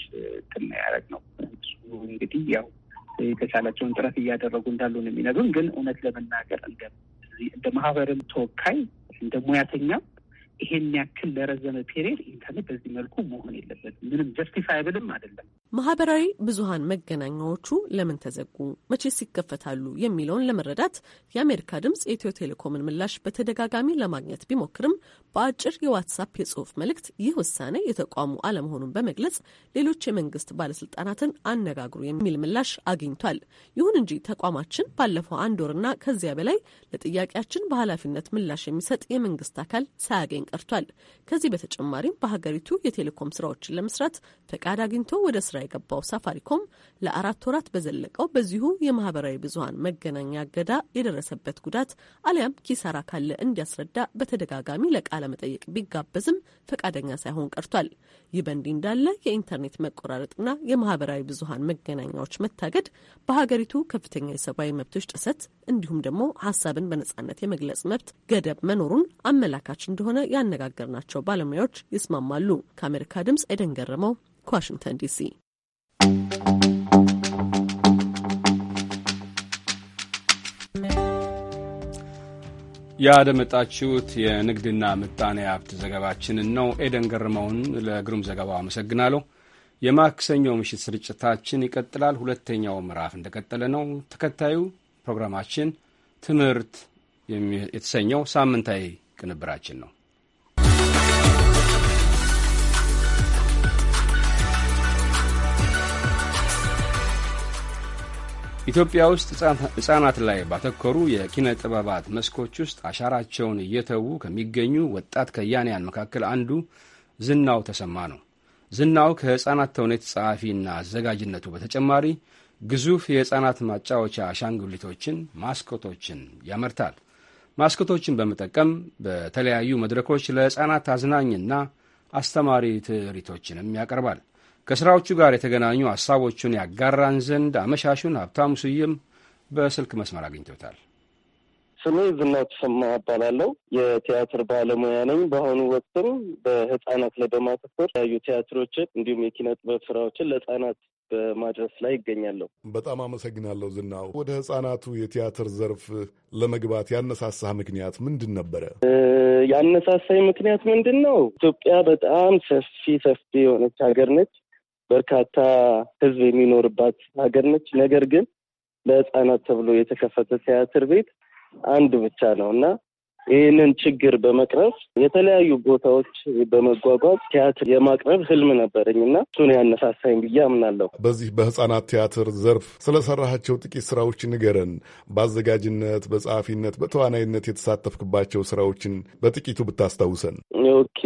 ትና ያደረግ ነው። እሱ እንግዲህ ያው የተቻላቸውን ጥረት እያደረጉ እንዳሉ ነው የሚነግሩን። ግን እውነት ለመናገር እንደ ማህበርም ተወካይ እንደ ሙያተኛ ይሄን ያክል ለረዘመ ፔሪየድ ኢንተርኔት በዚህ መልኩ መሆን የለበትም። ምንም ጀስቲፋይብልም አይደለም። ማህበራዊ ብዙሀን መገናኛዎቹ ለምን ተዘጉ፣ መቼስ ይከፈታሉ የሚለውን ለመረዳት የአሜሪካ ድምጽ የኢትዮ ቴሌኮምን ምላሽ በተደጋጋሚ ለማግኘት ቢሞክርም በአጭር የዋትሳፕ የጽሁፍ መልእክት ይህ ውሳኔ የተቋሙ አለመሆኑን በመግለጽ ሌሎች የመንግስት ባለስልጣናትን አነጋግሩ የሚል ምላሽ አግኝቷል። ይሁን እንጂ ተቋማችን ባለፈው አንድ ወርና ከዚያ በላይ ለጥያቄያችን በኃላፊነት ምላሽ የሚሰጥ የመንግስት አካል ሳያገኝ ሳይገኝ ቀርቷል። ከዚህ በተጨማሪም በሀገሪቱ የቴሌኮም ስራዎችን ለመስራት ፈቃድ አግኝቶ ወደ ስራ የገባው ሳፋሪኮም ለአራት ወራት በዘለቀው በዚሁ የማህበራዊ ብዙሀን መገናኛ እገዳ የደረሰበት ጉዳት አሊያም ኪሳራ ካለ እንዲያስረዳ በተደጋጋሚ ለቃለ መጠየቅ ቢጋበዝም ፈቃደኛ ሳይሆን ቀርቷል። ይህ በእንዲህ እንዳለ የኢንተርኔት መቆራረጥና የማህበራዊ ብዙሀን መገናኛዎች መታገድ በሀገሪቱ ከፍተኛ የሰብአዊ መብቶች ጥሰት እንዲሁም ደግሞ ሀሳብን በነጻነት የመግለጽ መብት ገደብ መኖሩን አመላካች እንደሆነ ያነጋገርናቸው ባለሙያዎች ይስማማሉ። ከአሜሪካ ድምጽ ኤደን ገረመው ከዋሽንግተን ዲሲ። ያደመጣችሁት የንግድና ምጣኔ ሀብት ዘገባችንን ነው። ኤደን ገርመውን ለግሩም ዘገባው አመሰግናለሁ። የማክሰኞ ምሽት ስርጭታችን ይቀጥላል። ሁለተኛው ምዕራፍ እንደቀጠለ ነው። ተከታዩ ፕሮግራማችን ትምህርት የተሰኘው ሳምንታዊ ቅንብራችን ነው። ኢትዮጵያ ውስጥ ሕፃናት ላይ ባተኮሩ የኪነ ጥበባት መስኮች ውስጥ አሻራቸውን እየተዉ ከሚገኙ ወጣት ከያንያን መካከል አንዱ ዝናው ተሰማ ነው። ዝናው ከሕፃናት ተውኔት ጸሐፊና አዘጋጅነቱ በተጨማሪ ግዙፍ የሕፃናት ማጫወቻ አሻንጉሊቶችን፣ ማስኮቶችን ያመርታል። ማስኮቶችን በመጠቀም በተለያዩ መድረኮች ለሕፃናት አዝናኝና አስተማሪ ትርኢቶችንም ያቀርባል። ከሥራዎቹ ጋር የተገናኙ ሐሳቦቹን ያጋራን ዘንድ አመሻሹን ሀብታሙ ስዩም በስልክ መስመር አግኝቶታል። ስሜ ዝና ተሰማ እባላለሁ። የቲያትር ባለሙያ ነኝ። በአሁኑ ወቅትም በህጻናት ለደማ ትኩር የተለያዩ ቲያትሮችን እንዲሁም የኪነ ጥበብ ስራዎችን ለህጻናት በማድረስ ላይ ይገኛለሁ። በጣም አመሰግናለሁ ዝናው። ወደ ህጻናቱ የቲያትር ዘርፍ ለመግባት ያነሳሳ ምክንያት ምንድን ነበረ? ያነሳሳኝ ምክንያት ምንድን ነው? ኢትዮጵያ በጣም ሰፊ ሰፊ የሆነች ሀገር ነች። በርካታ ህዝብ የሚኖርባት ሀገር ነች። ነገር ግን ለህፃናት ተብሎ የተከፈተ ቲያትር ቤት አንዱ ብቻ ነው እና ይህንን ችግር በመቅረፍ የተለያዩ ቦታዎች በመጓጓዝ ቲያትር የማቅረብ ህልም ነበረኝ እና እሱን ያነሳሳኝ ብዬ አምናለሁ። በዚህ በህጻናት ቲያትር ዘርፍ ስለሰራሃቸው ጥቂት ስራዎች ንገረን። በአዘጋጅነት፣ በጸሐፊነት፣ በተዋናይነት የተሳተፍክባቸው ስራዎችን በጥቂቱ ብታስታውሰን። ኦኬ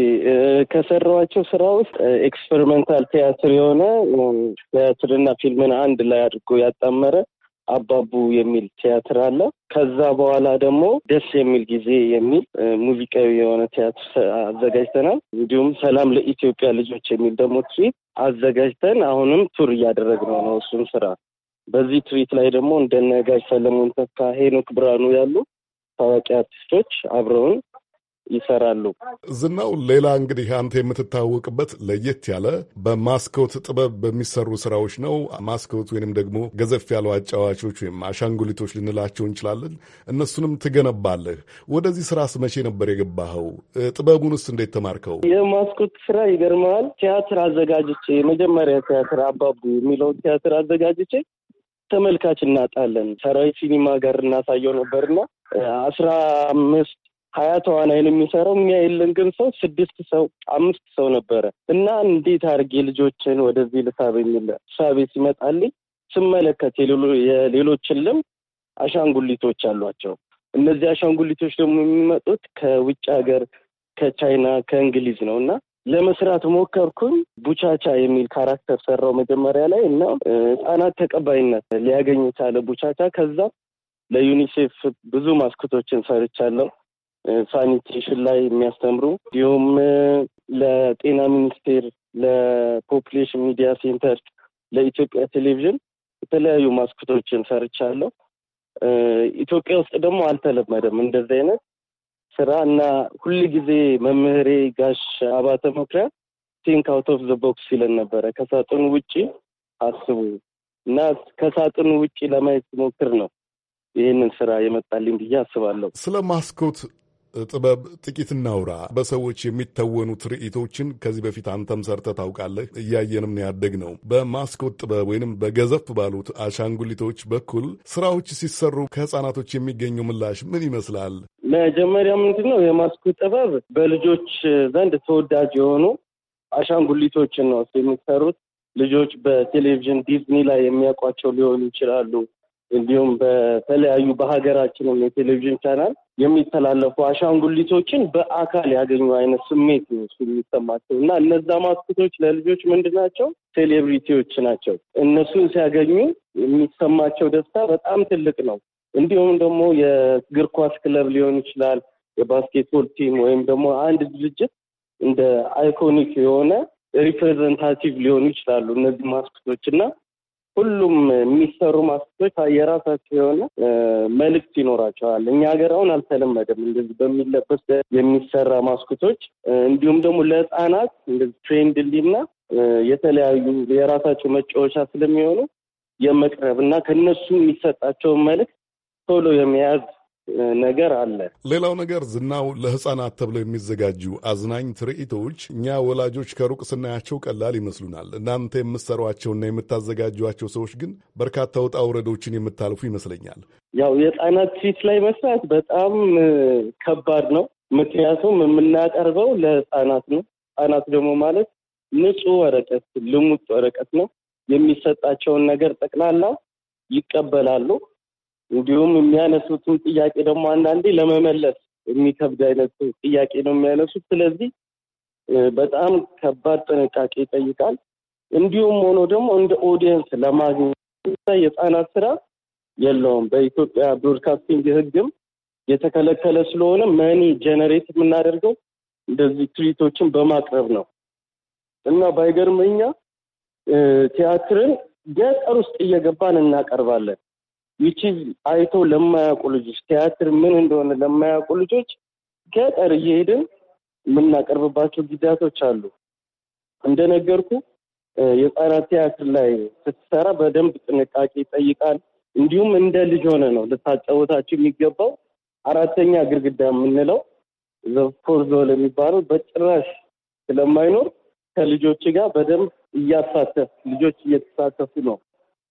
ከሰራኋቸው ስራ ውስጥ ኤክስፐሪመንታል ቲያትር የሆነ ቲያትርና ፊልምን አንድ ላይ አድርጎ ያጣመረ አባቡ የሚል ቲያትር አለ። ከዛ በኋላ ደግሞ ደስ የሚል ጊዜ የሚል ሙዚቃዊ የሆነ ቲያትር አዘጋጅተናል። እንዲሁም ሰላም ለኢትዮጵያ ልጆች የሚል ደግሞ ትርኢት አዘጋጅተን አሁንም ቱር እያደረግነው ነው እሱን ስራ። በዚህ ትርኢት ላይ ደግሞ እንደነ ሰለሞን ተካ፣ ሄኖክ ብርሃኑ ያሉ ታዋቂ አርቲስቶች አብረውን ይሰራሉ። ዝናው ሌላ እንግዲህ አንተ የምትታወቅበት ለየት ያለ በማስኮት ጥበብ በሚሰሩ ስራዎች ነው። ማስኮት ወይንም ደግሞ ገዘፍ ያሉ አጫዋቾች ወይም አሻንጉሊቶች ልንላቸው እንችላለን። እነሱንም ትገነባለህ። ወደዚህ ስራስ መቼ ነበር የገባኸው? ጥበቡንስ እንዴት ተማርከው? የማስኮት ስራ ይገርመዋል። ቲያትር አዘጋጅቼ የመጀመሪያ ቲያትር አባቡ የሚለው ቲያትር አዘጋጅቼ ተመልካች እናጣለን። ሰራዊት ሲኒማ ጋር እናሳየው ነበርና አስራ አምስት ሀያ ተዋናይን የሚሰራው እኛ የለን ግን ሰው ስድስት ሰው አምስት ሰው ነበረ እና እንዴት አድርጌ ልጆችን ወደዚህ ልሳብ የሚል ሳቤ ሲመጣልኝ ስመለከት የሌሎችን ልም አሻንጉሊቶች አሏቸው። እነዚህ አሻንጉሊቶች ደግሞ የሚመጡት ከውጭ ሀገር ከቻይና ከእንግሊዝ ነው እና ለመስራት ሞከርኩኝ። ቡቻቻ የሚል ካራክተር ሰራው መጀመሪያ ላይ እና ህጻናት ተቀባይነት ሊያገኝ ቻለ ቡቻቻ። ከዛ ለዩኒሴፍ ብዙ ማስኮቶችን ሰርቻለሁ። ሳኒቴሽን ላይ የሚያስተምሩ እንዲሁም ለጤና ሚኒስቴር፣ ለፖፕሌሽን ሚዲያ ሴንተር፣ ለኢትዮጵያ ቴሌቪዥን የተለያዩ ማስኮቶችን ሰርቻለሁ። ኢትዮጵያ ውስጥ ደግሞ አልተለመደም እንደዚህ አይነት ስራ እና ሁል ጊዜ መምህሬ ጋሽ አባተ መኩሪያ ቲንክ አውት ኦፍ ዘ ቦክስ ይለን ነበረ። ከሳጥን ውጭ አስቡ እና ከሳጥኑ ውጭ ለማየት ሞክር ነው ይህንን ስራ የመጣልኝ ብዬ አስባለሁ። ስለ ማስኮት ጥበብ ጥቂት እናውራ። በሰዎች የሚተወኑ ትርኢቶችን ከዚህ በፊት አንተም ሰርተ ታውቃለህ። እያየንም ነው ያደግነው። በማስኮት ጥበብ ወይንም በገዘፍ ባሉት አሻንጉሊቶች በኩል ስራዎች ሲሰሩ ከህጻናቶች የሚገኘው ምላሽ ምን ይመስላል? መጀመሪያ ምንድን ነው የማስኮት ጥበብ በልጆች ዘንድ ተወዳጅ የሆኑ አሻንጉሊቶችን ነው የሚሰሩት። ልጆች በቴሌቪዥን ዲዝኒ ላይ የሚያውቋቸው ሊሆኑ ይችላሉ። እንዲሁም በተለያዩ በሀገራችንም የቴሌቪዥን ቻናል የሚተላለፉ አሻንጉሊቶችን በአካል ያገኙ አይነት ስሜት ነው እሱ የሚሰማቸው እና እነዛ ማስኮቶች ለልጆች ምንድን ናቸው? ሴሌብሪቲዎች ናቸው። እነሱን ሲያገኙ የሚሰማቸው ደስታ በጣም ትልቅ ነው። እንዲሁም ደግሞ የእግር ኳስ ክለብ ሊሆን ይችላል፣ የባስኬትቦል ቲም ወይም ደግሞ አንድ ድርጅት እንደ አይኮኒክ የሆነ ሪፕሬዘንታቲቭ ሊሆኑ ይችላሉ እነዚህ ማስኮቶች እና ሁሉም የሚሰሩ ማስኮች የራሳቸው የሆነ መልእክት ይኖራቸዋል። እኛ ሀገር አሁን አልተለመደም እንደዚህ በሚለበስ የሚሰራ ማስኮቶች፣ እንዲሁም ደግሞ ለህፃናት እንደዚህ ትሬንድሊና የተለያዩ የራሳቸው መጫወቻ ስለሚሆኑ የመቅረብ እና ከነሱ የሚሰጣቸውን መልእክት ቶሎ የመያዝ ነገር አለ። ሌላው ነገር ዝናው ለህፃናት ተብለው የሚዘጋጁ አዝናኝ ትርኢቶች እኛ ወላጆች ከሩቅ ስናያቸው ቀላል ይመስሉናል። እናንተ የምትሰሯቸውና የምታዘጋጇቸው ሰዎች ግን በርካታ ውጣ ውረዶችን የምታልፉ ይመስለኛል። ያው የህፃናት ፊት ላይ መስራት በጣም ከባድ ነው። ምክንያቱም የምናቀርበው ለህፃናት ነው። ሕፃናት ደግሞ ማለት ንጹህ ወረቀት ልሙጥ ወረቀት ነው። የሚሰጣቸውን ነገር ጠቅላላ ይቀበላሉ። እንዲሁም የሚያነሱትን ጥያቄ ደግሞ አንዳንዴ ለመመለስ የሚከብድ አይነት ጥያቄ ነው የሚያነሱት። ስለዚህ በጣም ከባድ ጥንቃቄ ይጠይቃል። እንዲሁም ሆኖ ደግሞ እንደ ኦዲየንስ ለማግኘት የህጻናት ስራ የለውም። በኢትዮጵያ ብሮድካስቲንግ ህግም የተከለከለ ስለሆነ መኒ ጀነሬት የምናደርገው እንደዚህ ትሪቶችን በማቅረብ ነው እና ባይገርመኛ ቲያትርን ገጠር ውስጥ እየገባን እናቀርባለን። ይቺ አይቶ ለማያውቁ ልጆች ቲያትር ምን እንደሆነ ለማያውቁ ልጆች ገጠር እየሄድን የምናቀርብባቸው ጊዜያቶች አሉ። እንደነገርኩ የህፃናት ቲያትር ላይ ስትሰራ በደንብ ጥንቃቄ ይጠይቃል። እንዲሁም እንደ ልጅ ሆነ ነው ልታጫወታቸው የሚገባው። አራተኛ ግድግዳ የምንለው ፎርዞል ለሚባለው በጭራሽ ስለማይኖር ከልጆች ጋር በደንብ እያሳተፍ ልጆች እየተሳተፉ ነው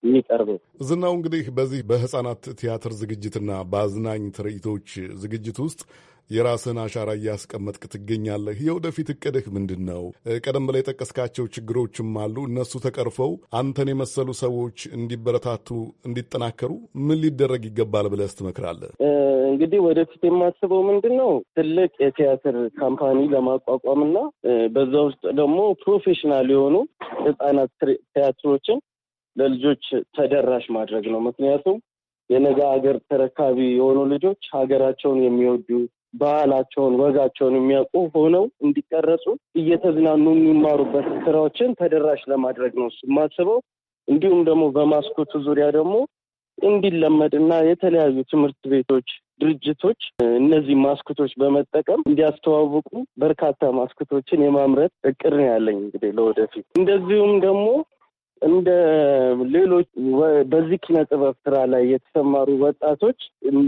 የሚቀርበው። ዝናው እንግዲህ በዚህ በህጻናት ቲያትር ዝግጅትና በአዝናኝ ትርኢቶች ዝግጅት ውስጥ የራስን አሻራ እያስቀመጥክ ትገኛለህ። የወደፊት እቅድህ ምንድን ነው? ቀደም ብላይ የጠቀስካቸው ችግሮችም አሉ። እነሱ ተቀርፈው አንተን የመሰሉ ሰዎች እንዲበረታቱ፣ እንዲጠናከሩ ምን ሊደረግ ይገባል ብለህ ትመክራለህ? እንግዲህ ወደፊት የማስበው ምንድን ነው ትልቅ የቲያትር ካምፓኒ ለማቋቋምና በዛ ውስጥ ደግሞ ፕሮፌሽናል የሆኑ ህጻናት ቲያትሮችን ለልጆች ተደራሽ ማድረግ ነው። ምክንያቱም የነገ ሀገር ተረካቢ የሆኑ ልጆች ሀገራቸውን የሚወዱ ባህላቸውን፣ ወጋቸውን የሚያውቁ ሆነው እንዲቀረጹ እየተዝናኑ የሚማሩበት ስራዎችን ተደራሽ ለማድረግ ነው የማስበው። እንዲሁም ደግሞ በማስኮቱ ዙሪያ ደግሞ እንዲለመድ እና የተለያዩ ትምህርት ቤቶች፣ ድርጅቶች እነዚህ ማስኮቶች በመጠቀም እንዲያስተዋውቁ በርካታ ማስኮቶችን የማምረት እቅድ ነው ያለኝ እንግዲህ ለወደፊት እንደዚሁም ደግሞ እንደ ሌሎች በዚህ ኪነ ጥበብ ስራ ላይ የተሰማሩ ወጣቶች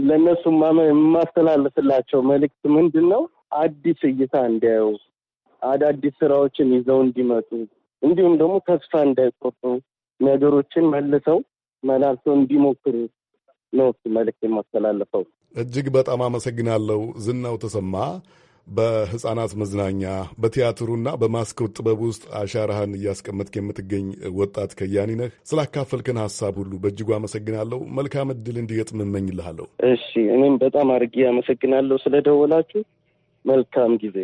ለእነሱ የማስተላልፍላቸው መልእክት ምንድን ነው? አዲስ እይታ እንዲያዩ፣ አዳዲስ ስራዎችን ይዘው እንዲመጡ፣ እንዲሁም ደግሞ ተስፋ እንዳይቆርጡ፣ ነገሮችን መልሰው መላልሰው እንዲሞክሩ ነው መልእክት የማስተላልፈው። እጅግ በጣም አመሰግናለሁ። ዝናው ተሰማ በህጻናት መዝናኛ በቲያትሩና በማስኮት ጥበብ ውስጥ አሻራህን እያስቀመጥክ የምትገኝ ወጣት ከያኒ ነህ። ስላካፈልክን ሀሳብ ሁሉ በእጅጉ አመሰግናለሁ። መልካም እድል እንዲገጥም እመኝልሃለሁ። እሺ፣ እኔም በጣም አድርጌ አመሰግናለሁ ስለደወላችሁ። መልካም ጊዜ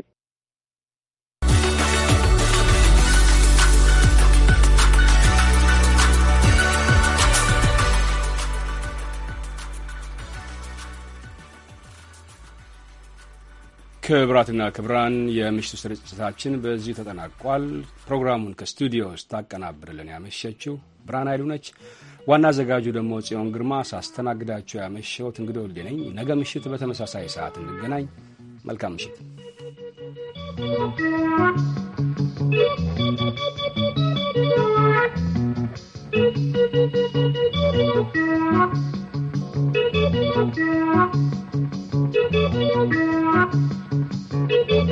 ክብራትና ክብራን የምሽቱ ስርጭታችን በዚሁ ተጠናቋል። ፕሮግራሙን ከስቱዲዮ ውስጥ ታቀናብርልን ያመሸችው ብርሃን ኃይሉ ነች። ዋና አዘጋጁ ደግሞ ጽዮን ግርማ። ሳስተናግዳችሁ ያመሸሁት እንግዲህ ወልዴ ነኝ። ነገ ምሽት በተመሳሳይ ሰዓት እንገናኝ። መልካም ምሽት